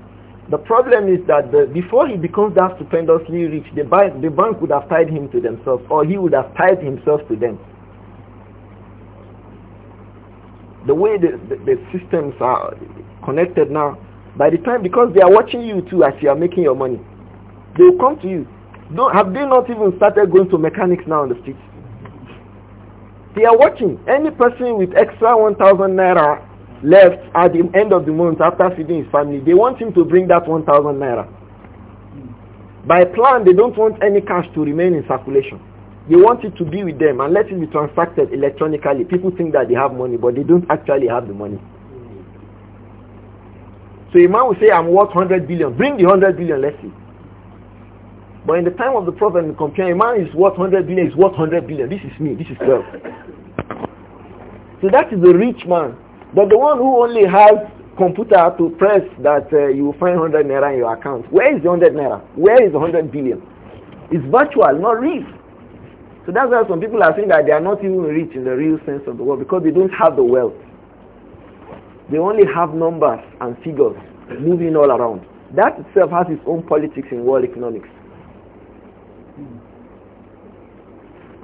The problem is that the, before he becomes that stupendously rich, the bank, the bank would have tied him to themselves or he would have tied himself to them. the way the, the, the, systems are connected now, by the time, because they are watching you too as you are making your money, they will come to you. Don't, have they not even started going to mechanics now on the streets? They are watching. Any person with extra 1,000 naira left at the end of the month after feeding his family, they want him to bring that 1,000 naira. By plan, they don't want any cash to remain in circulation. They want it to be with them and let it be transacted electronically. People think that they have money, but they don't actually have the money. So a man will say, I'm worth 100 billion. Bring the 100 billion, let's see. But in the time of the Prophet and computer, a man is worth 100 billion, is worth 100 billion. This is me, this is wealth. So that is the rich man. But the one who only has computer to press that uh, you find 100 naira in your account. Where is the 100 naira? Where is the 100 billion? It's virtual, not real. So that's why some people are saying that they are not even rich in the real sense of the word because they don't have the wealth. They only have numbers and figures moving all around. That itself has its own politics in world economics.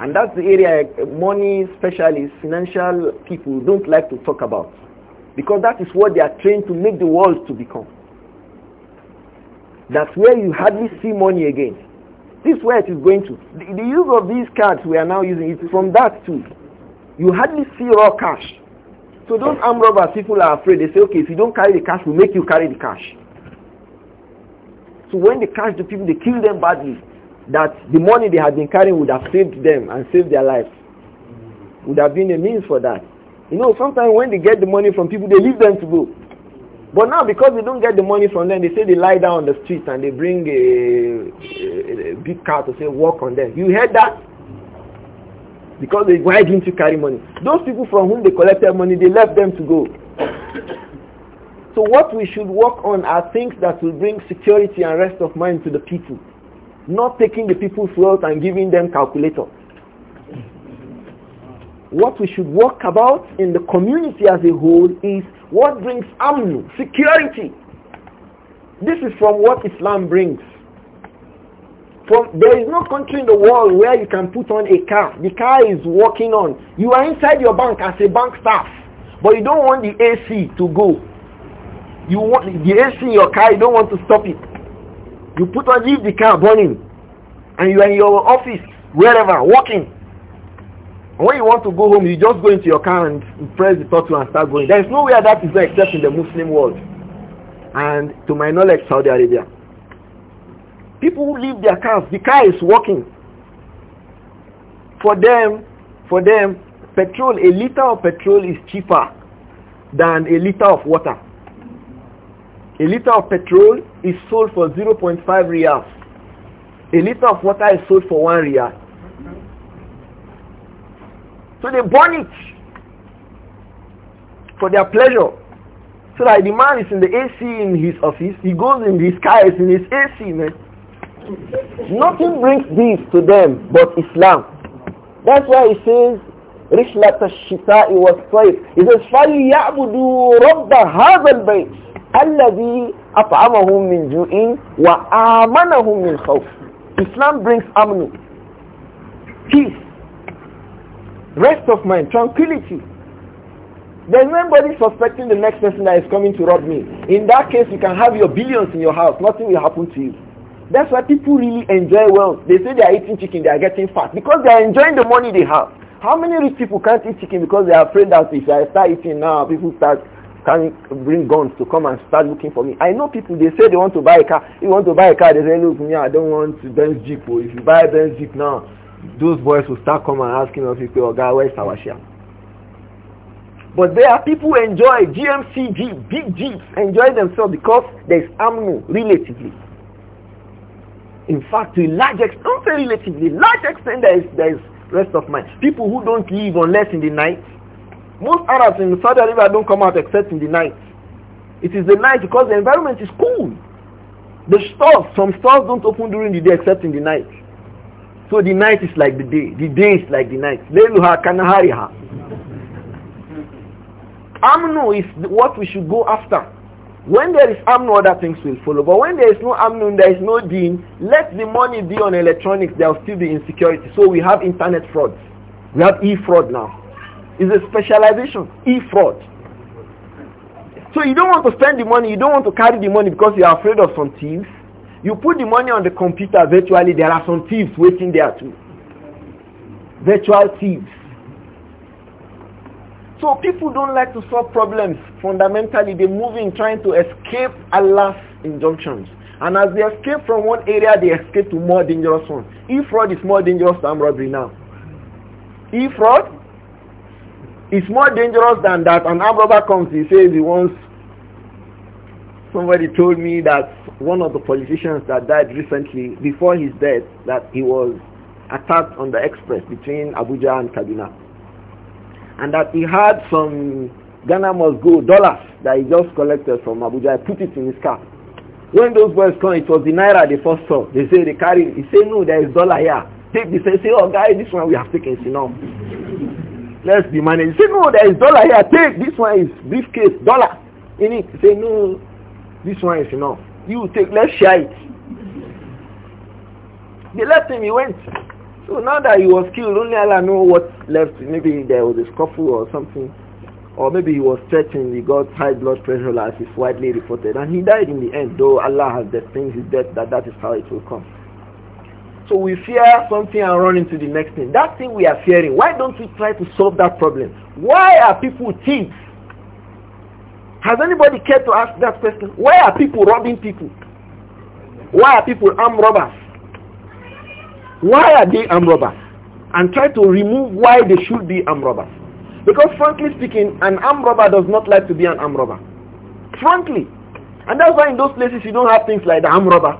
And that's the area money specialists, financial people don't like to talk about. Because that is what they are trained to make the world to become. That's where you hardly see money again. This where it is going to. The, the use of these cards we are now using is from that too. You hardly see raw cash. So those armed robbers, people are afraid. They say, okay, if you don't carry the cash, we'll make you carry the cash. So when they catch the people, they kill them badly. That the money they had been carrying would have saved them and saved their lives. Would have been a means for that. You know, sometimes when they get the money from people, they leave them to go. But now because they don't get the money from them, they say they lie down on the street and they bring a, a, a big car to say work on them. You heard that? Because they why didn't you carry money? Those people from whom they collected money, they left them to go. So what we should work on are things that will bring security and rest of mind to the people. Not taking the people's wealth and giving them calculator what we should work about in the community as a whole is what brings amnu, security. This is from what Islam brings. From, there is no country in the world where you can put on a car. The car is working on. You are inside your bank as a bank staff, but you don't want the AC to go. You want the AC in your car, you don't want to stop it. You put on, leave the car burning, and you are in your office, wherever, working. When you want to go home, you just go into your car and press the button and start going. There is nowhere that is not except in the Muslim world. And to my knowledge, Saudi Arabia. People who leave their cars, the car is working. For them, for them, petrol, a liter of petrol is cheaper than a liter of water. A liter of petrol is sold for 0.5 riyals. A liter of water is sold for 1 riyal. So they burn it for their pleasure. So that the man is in the AC in his office, he goes in his car, is in his AC, man. Nothing brings this to them but Islam. That's why he says, رحلة الشتاء والصيف إذا فليعبدوا رب هذا البيت الذي أطعمهم min juin وآمنهم من خوف Islam brings amnu, peace Rest of mind, tranquility. There's nobody suspecting the next person that is coming to rob me. In that case, you can have your billions in your house. Nothing will happen to you. That's why people really enjoy wealth. They say they are eating chicken, they are getting fat because they are enjoying the money they have. How many rich people can't eat chicken because they are afraid that if I start eating now, people start can bring guns to come and start looking for me. I know people, they say they want to buy a car. If you want to buy a car, they say, look, me, I don't want Benz Jeep. Or oh. if you buy a Benz Jeep now, those boys will start coming and asking us if we are where's our share. But there are people who enjoy GMC Jeep, big Jeeps, enjoy themselves because there's ammo relatively. In fact, to a large extent, not relatively, large extent there is, there is rest of mind. People who don't leave unless in the night. Most Arabs in the Saudi Arabia don't come out except in the night. It is the night because the environment is cool. The stores, some stores don't open during the day except in the night. So the night is like the day. The day is like the night. Layluha kanahariha. Amnu is what we should go after. When there is amnu, other things will follow. But when there is no amnu, there is no deen, let the money be on electronics, there will still be insecurity. So we have internet frauds. We have e-fraud now. It's a specialization, e-fraud. So you don't want to spend the money, you don't want to carry the money because you are afraid of some thieves you put the money on the computer virtually, there are some thieves waiting there too. Virtual thieves. So people don't like to solve problems. Fundamentally, they move in trying to escape Allah's injunctions. And as they escape from one area, they escape to more dangerous one. E-fraud is more dangerous than robbery now. E-fraud is more dangerous than that. An our robber comes, he says he wants... Somebody told me that one of the politicians that died recently, before his death, that he was attacked on the express between Abuja and Kaduna. And that he had some Ghana must go dollars that he just collected from Abuja. He put it in his car. When those boys come, it was the Naira they first saw. They say they carry He say, no, there is dollar here. Take this. They say, oh, guy, this one we have taken. You know. Let's be managed. He say, no, there is dollar here. Take this one is briefcase, dollar. In it. He say, no, this one is enough you take, let's share it. They left him, he went. So now that he was killed, only Allah know what left. Maybe there was a scuffle or something. Or maybe he was threatened. he got high blood pressure as is widely reported. And he died in the end, though Allah has destined his death that that is how it will come. So we fear something and run into the next thing. That thing we are fearing, why don't we try to solve that problem? Why are people thieves? Has anybody cared to ask that question? Why are people robbing people? Why are people armed robbers? Why are they armed robbers? And try to remove why they should be armed robbers. Because frankly speaking, an armed robber does not like to be an armed robber. Frankly. And that's why in those places you don't have things like the armed robber.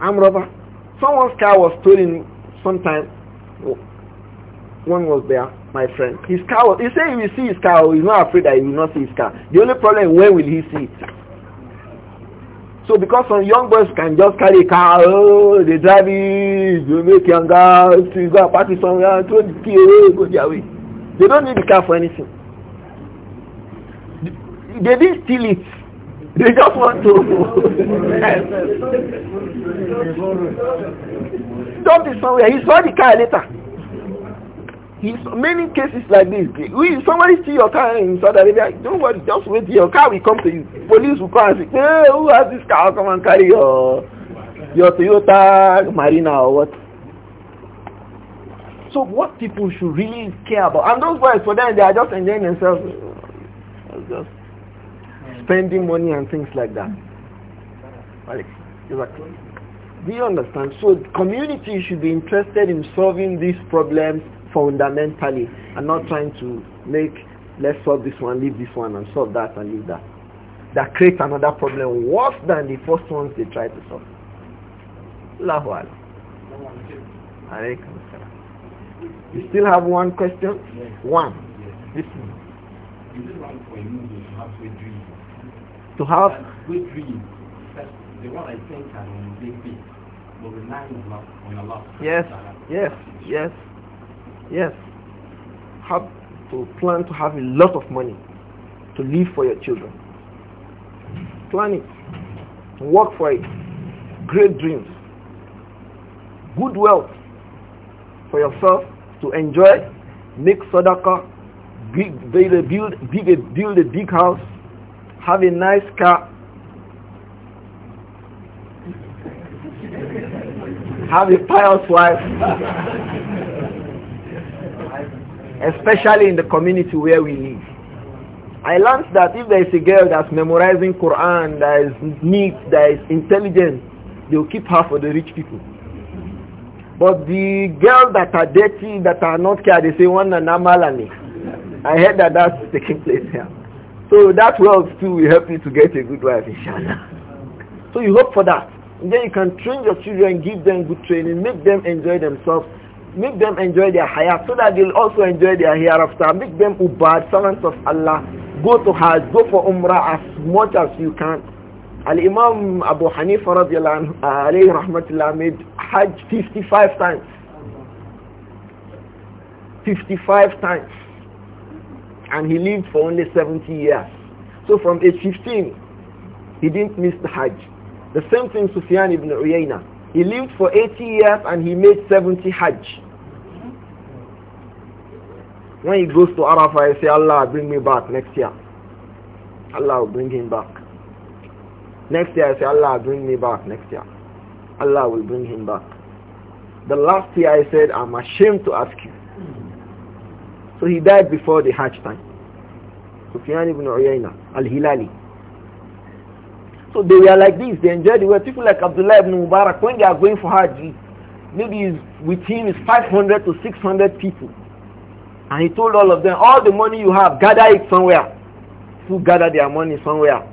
Armed robber. Someone's car was stolen sometime. One was there. my friend. His car, he say he will see his car, he's not afraid that he will not see his car. The only problem, is when will he see it? So because some young boys can just carry a car, oh, they drive it, they make young girls, you go and party somewhere, throw the key away, go their way. They don't need the car for anything. They didn't steal it. They just want to. Don't be somewhere. He saw the car later. many cases like this. We, somebody steal your car in Saudi Arabia, don't worry, just wait here, your car will come to you. Police will come and say, hey, who has this car? Come and carry your, your Toyota Marina or what. So what people should really care about, and those boys for them, they are just enjoying themselves, uh, just spending money and things like that. Alex, exactly. Do you understand? So community should be interested in solving these problems fundamentally and not trying to make, let's solve this one, leave this one, and solve that and leave that. That creates another problem worse than the first ones they tried to solve. Allahu You still have one question? Yes. One. Yes. Listen. Is it right for a movie to have sweet dreams? To have? Sweet dreams. The one I think are on big feet. But relying on Allah. Yes. Yes. Yes. Yes. Have to plan to have a lot of money to live for your children. Plan it. Work for it. Great dreams. Good wealth for yourself to enjoy. Make sadaqah. Build, build, build, build a big house. Have a nice car. Have a pious wife especially in the community where we live. I learned that if there is a girl that's memorizing Quran, that is neat, that is intelligent, they will keep her for the rich people. But the girls that are dirty, that are not care, they say one anamalani. I heard that that's taking place here. So that wealth too will help you to get a good wife, inshallah. So you hope for that. And then you can train your children, give them good training, make them enjoy themselves make them enjoy their hayat so that they'll also enjoy their hereafter. Make them ubad, servants of Allah. Go to Hajj, go for Umrah as much as you can. Al-Imam Abu Hanifa radiallahu anhu, uh, rahmatullah, made Hajj 55 times. 55 times. And he lived for only 70 years. So from age 15, he didn't miss the Hajj. The same thing Sufyan ibn Uyayna he lived for 80 years and he made 70 Hajj. When he goes to Arafah, he say, Allah, bring me back next year. Allah will bring him back. Next year, I say, Allah, bring me back next year. Allah will bring him back. The last year I said, I'm ashamed to ask you. So he died before the Hajj time. Sufyan ibn Uyayna, al-Hilali. So they were like this, they enjoyed the way people like Abdullah ibn Mubarak, when they are going for Hajj, maybe with him is 500 to 600 people. And he told all of them, all the money you have, gather it somewhere. Who gather their money somewhere.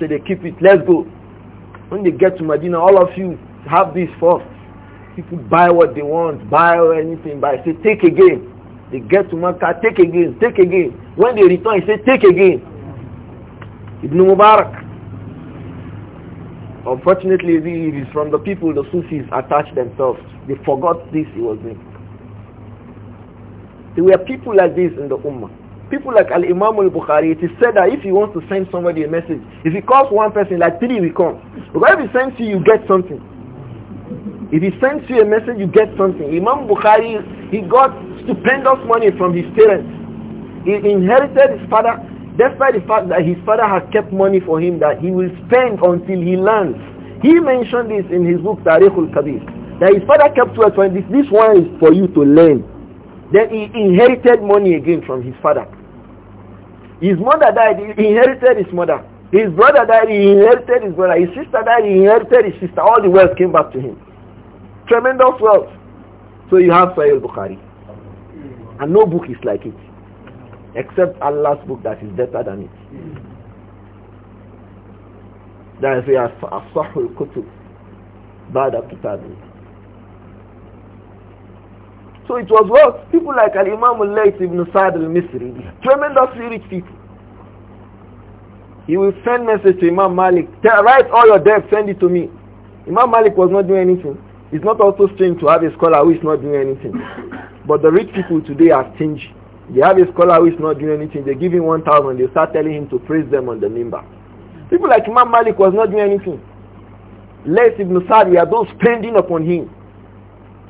So they keep it, let's go. When they get to Medina, all of you have this first. People buy what they want, buy anything, buy. Say, take again. They get to Makkah, take again, take again. When they return, he say, take again. Ibn Mubarak. Unfortunately, it is from the people the Sufis attached themselves. They forgot this he was doing. There were people like this in the Ummah. People like Al-Imam al-Bukhari, it is said that if he wants to send somebody a message, if he calls one person, like three will come. Because if he sends you, you get something. If he sends you a message, you get something. Imam Bukhari, he got stupendous money from his parents. He inherited his father despite the fact that his father has kept money for him that he will spend until he learns. He mentioned this in his book Tariq al-Kabir. That his father kept wealth for this, this one is for you to learn. Then he inherited money again from his father. His mother died, he inherited his mother. His brother died, he inherited his brother. His sister died, he inherited his sister. All the wealth came back to him. Tremendous wealth. So you have Sahih al-Bukhari. And no book is like it except Allah's book that is better than it. That is where أصح الكتب بعد كتابه. So it was what? People like Al-Imam al-Layth ibn Sa'd al-Misri, tremendously rich people. He will send message to Imam Malik, write all your debt, send it to me. Imam Malik was not doing anything. It's not also strange to have a scholar who is not doing anything. But the rich people today are stingy. They have a scholar who is not doing anything. They give him 1,000. They start telling him to praise them on the member. People like Imam Malik was not doing anything. Less Ibn Sa'd, we are those spending upon him.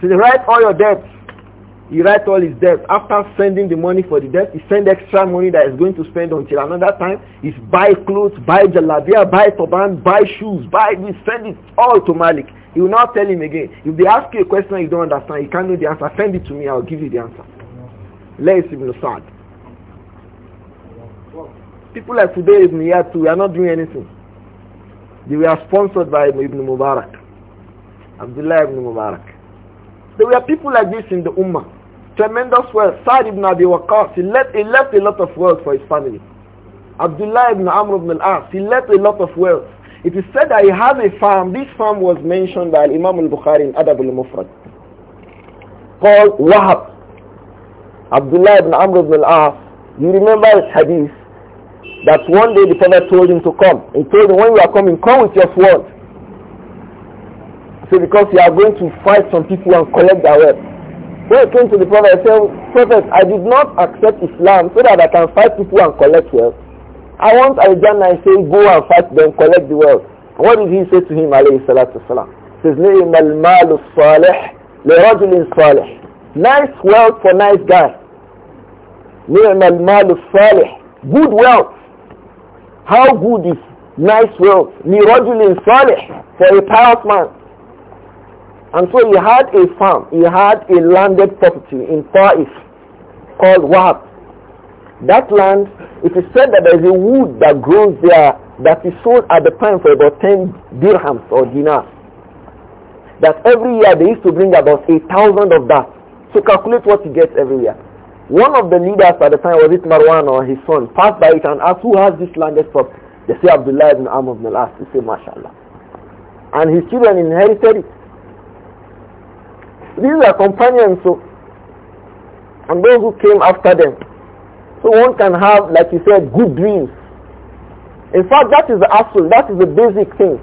So they write all your debts. He write all his debts. After sending the money for the debt, he send extra money that is going to spend until another time. He's buy clothes, buy jalabia, buy turban, buy shoes, buy this, send it all to Malik. He will not tell him again. If they ask you a question you don't understand, you can't know the answer, send it to me, I'll give you the answer. Lays ibn Sa'd. People like today year two. We are not doing anything. They were sponsored by Ibn Mubarak. Abdullah ibn Mubarak. There were people like this in the Ummah. Tremendous wealth. sa ibn Abi Waqqas, he left, he left a lot of wealth for his family. Abdullah ibn Amr ibn al-As, he left a lot of wealth. It is said that he has a farm. This farm was mentioned by Imam al-Bukhari in Adab al-Mufrad called Wahab. Abdullah ibn Amr ibn al-Ah, you remember his hadith that one day the Prophet told him to come. He told him, when you are coming, come with your sword. So because you are going to fight some people and collect their wealth. So he came to the Prophet, and said, Prophet, I did not accept Islam so that I can fight people and collect wealth. I want Al-Jannah and say, go and fight them, collect the wealth. What did he say to him, alayhi salatu salam? He says, نعم malus الصالح لرجل صالح. Nice wealth for nice guy ni'mal malu salih. Good wealth. How good is nice wealth? Li rajulin salih. For a pious man. And so he had a farm. He had a landed property in Ta'if called Wahab. That land, it is said that there is a wood that grows there that is sold at the time for about 10 dirhams or dinars. That every year they used to bring about a thousand of that. So calculate what he gets every year. One of the leaders at the time, was it Marwan or his son, passed by it and asked, who has this landed property? They say Abdullah ibn Amr ibn al-As. He say, MashaAllah. And his children inherited it. These are companions, so, and those who came after them. So one can have, like you said, good dreams. In fact, that is the absolute, that is the basic thing.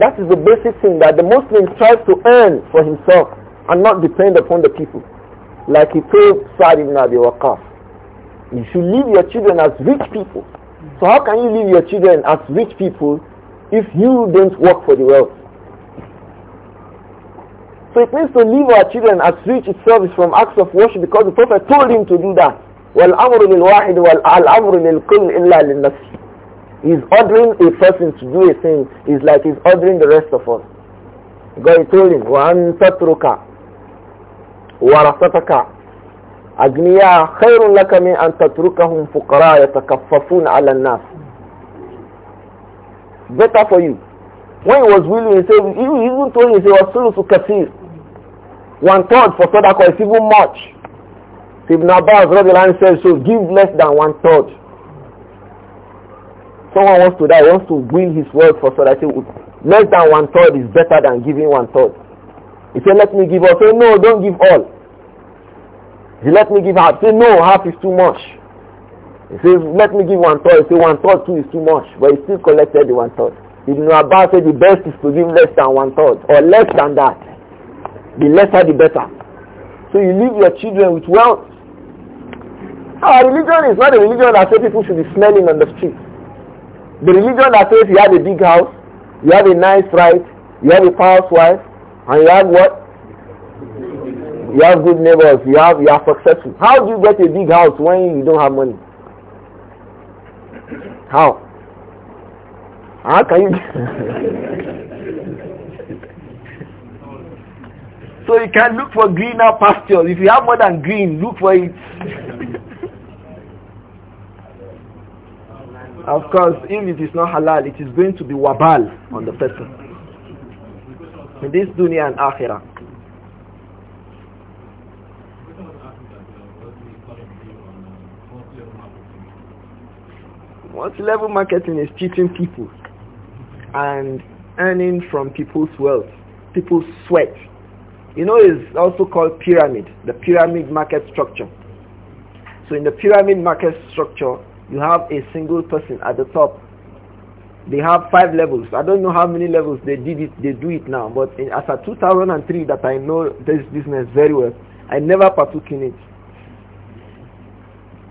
That is the basic thing that the Muslim tries to earn for himself and not depend upon the people. Like he told Sa'd ibn Abi Waqqas, you should leave your children as rich people. So how can you leave your children as rich people if you don't work for the wealth? So it means to leave our children as rich itself is from acts of worship because the Prophet told him to do that. وَالْأَمْرُ لِلْوَاحِدِ وَالْأَمْرُ لِلْكُلِّ إِلَّا لِلنَّفْسِ He's ordering a person to do a thing is like he's ordering the rest of us. God told him, وَأَنْ تَتْرُكَ ورثتك أغنياء خير لك من أن تتركهم فقراء يتكففون على الناس better for you when he was willing he said he even told him he was sulusu kathir one third for sadaqah is even much so Ibn Abbas Rabbi says, so give less than one third someone wants to die wants to win his wealth for sadaqah less than one third is better than giving one third he said, let me give all. Say, no, don't give all. He said, let me give half. Say, no, half is too much. He says, let me give one third. He said, one third too is too much. But he still collected the one third. Ibn Abbas said the best is to give less than one third or less than that. The lesser the better. So you leave your children with wealth. Our religion is not a religion that says people should be smelling on the street. The religion that says you have a big house, you have a nice ride, you have a powerful wife, and you have what? You have good neighbors. You have you are successful. How do you get a big house when you don't have money? How? How can you? so you can look for greener pastures. If you have more than green, look for it. of course, if it is not halal, it is going to be wabal on the person in this dunya and akhirah. What level marketing is cheating people and earning from people's wealth, people's sweat. You know, it's also called pyramid, the pyramid market structure. So in the pyramid market structure, you have a single person at the top they have five levels. I don't know how many levels they did it. They do it now. But in, as a 2003, that I know this business very well, I never partook in it.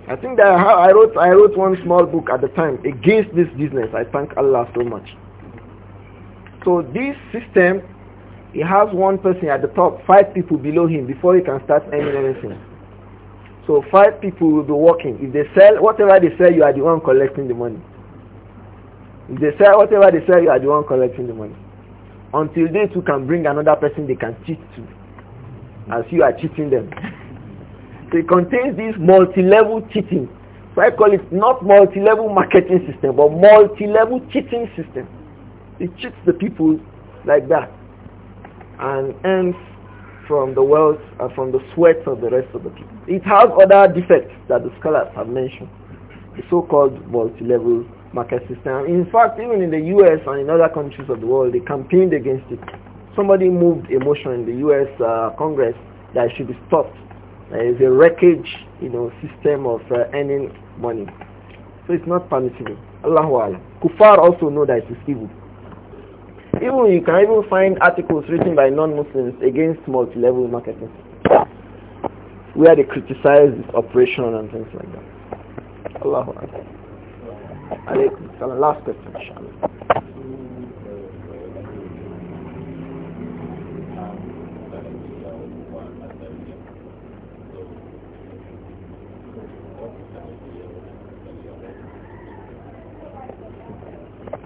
I think that I wrote I wrote one small book at the time against this business. I thank Allah so much. So this system, it has one person at the top, five people below him before he can start earning anything. So five people will be working. If they sell whatever they sell, you are the one collecting the money. If they sell whatever they sell, you are the one collecting the money. Until they too can bring another person they can cheat to, as you are cheating them. so it contains this multi-level cheating. So I call it not multi-level marketing system, but multi-level cheating system. It cheats the people like that and earns from the wealth and uh, from the sweat of the rest of the people. It has other defects that the scholars have mentioned, the so-called multi-level market system. In fact, even in the US and in other countries of the world, they campaigned against it. Somebody moved a motion in the US uh, Congress that it should be stopped. There is a wreckage, you know, system of uh, earning money. So it's not permissible. Allahu Allah. Kufar also know that it is evil. Even you can even find articles written by non-Muslims against multi-level marketing, where they criticize this operation and things like that. Allahu Akbar. Alaykum salam. Last question, inshallah.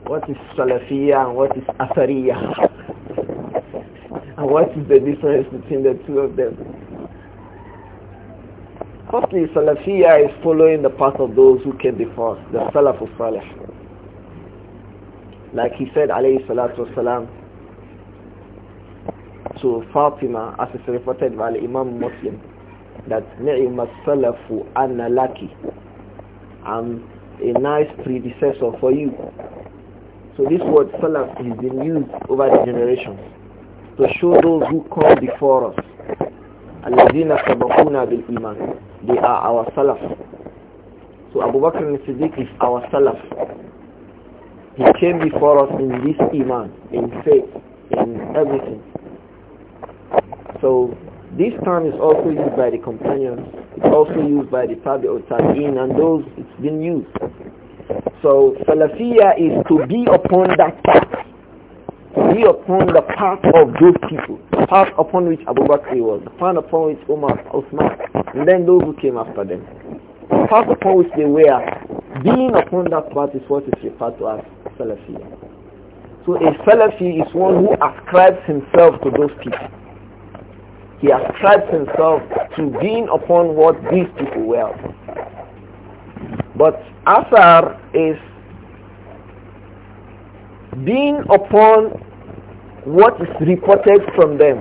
What is Salafiyah and what is Athariyah? and what is the difference between the two of them? Firstly, Salafiyya is following the path of those who came before us, the Salafus Salih. Like he said, alayhi salatu wasalam, to Fatima, as is reported by Imam Muslim, that ni'ma salafu anna laki. I'm a nice predecessor for you. So this word salaf has been used over the generations to show those who come before us الذين سبقونا بالإيمان they are our salaf so Abu Bakr al-Siddiq is our salaf he came before us in this iman in faith in everything so this term is also used by the companions it's also used by the tabi'ut tabi'in and those it's been used so salafiyah is to be upon that path be upon the path of those people, the path upon which Abu Bakr was, the path upon which Umar, Osman, and then those who came after them. The path upon which they were, being upon that path is what is referred to as Salafi. So a Salafi is one who ascribes himself to those people. He ascribes himself to being upon what these people were. But Asar is being upon what is reported from them.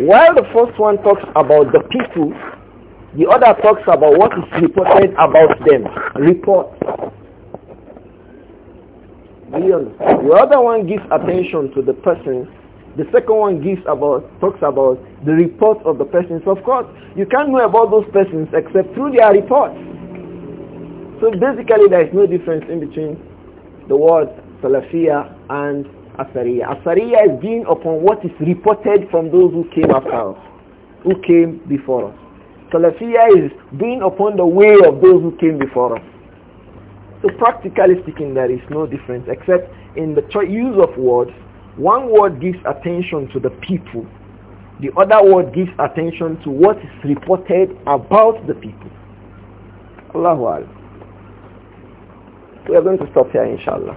While the first one talks about the people, the other talks about what is reported about them. Report. The other one gives attention to the person. The second one gives about talks about the report of the persons. Of course, you can't know about those persons except through their reports. So basically, there is no difference in between the word Salafia and Asariya. Asariya is being upon what is reported from those who came after us, who came before us. Salafiyya is being upon the way of those who came before us. So practically speaking, there is no difference except in the use of words. One word gives attention to the people. The other word gives attention to what is reported about the people. Allahu Akbar. We are going to stop here, inshallah.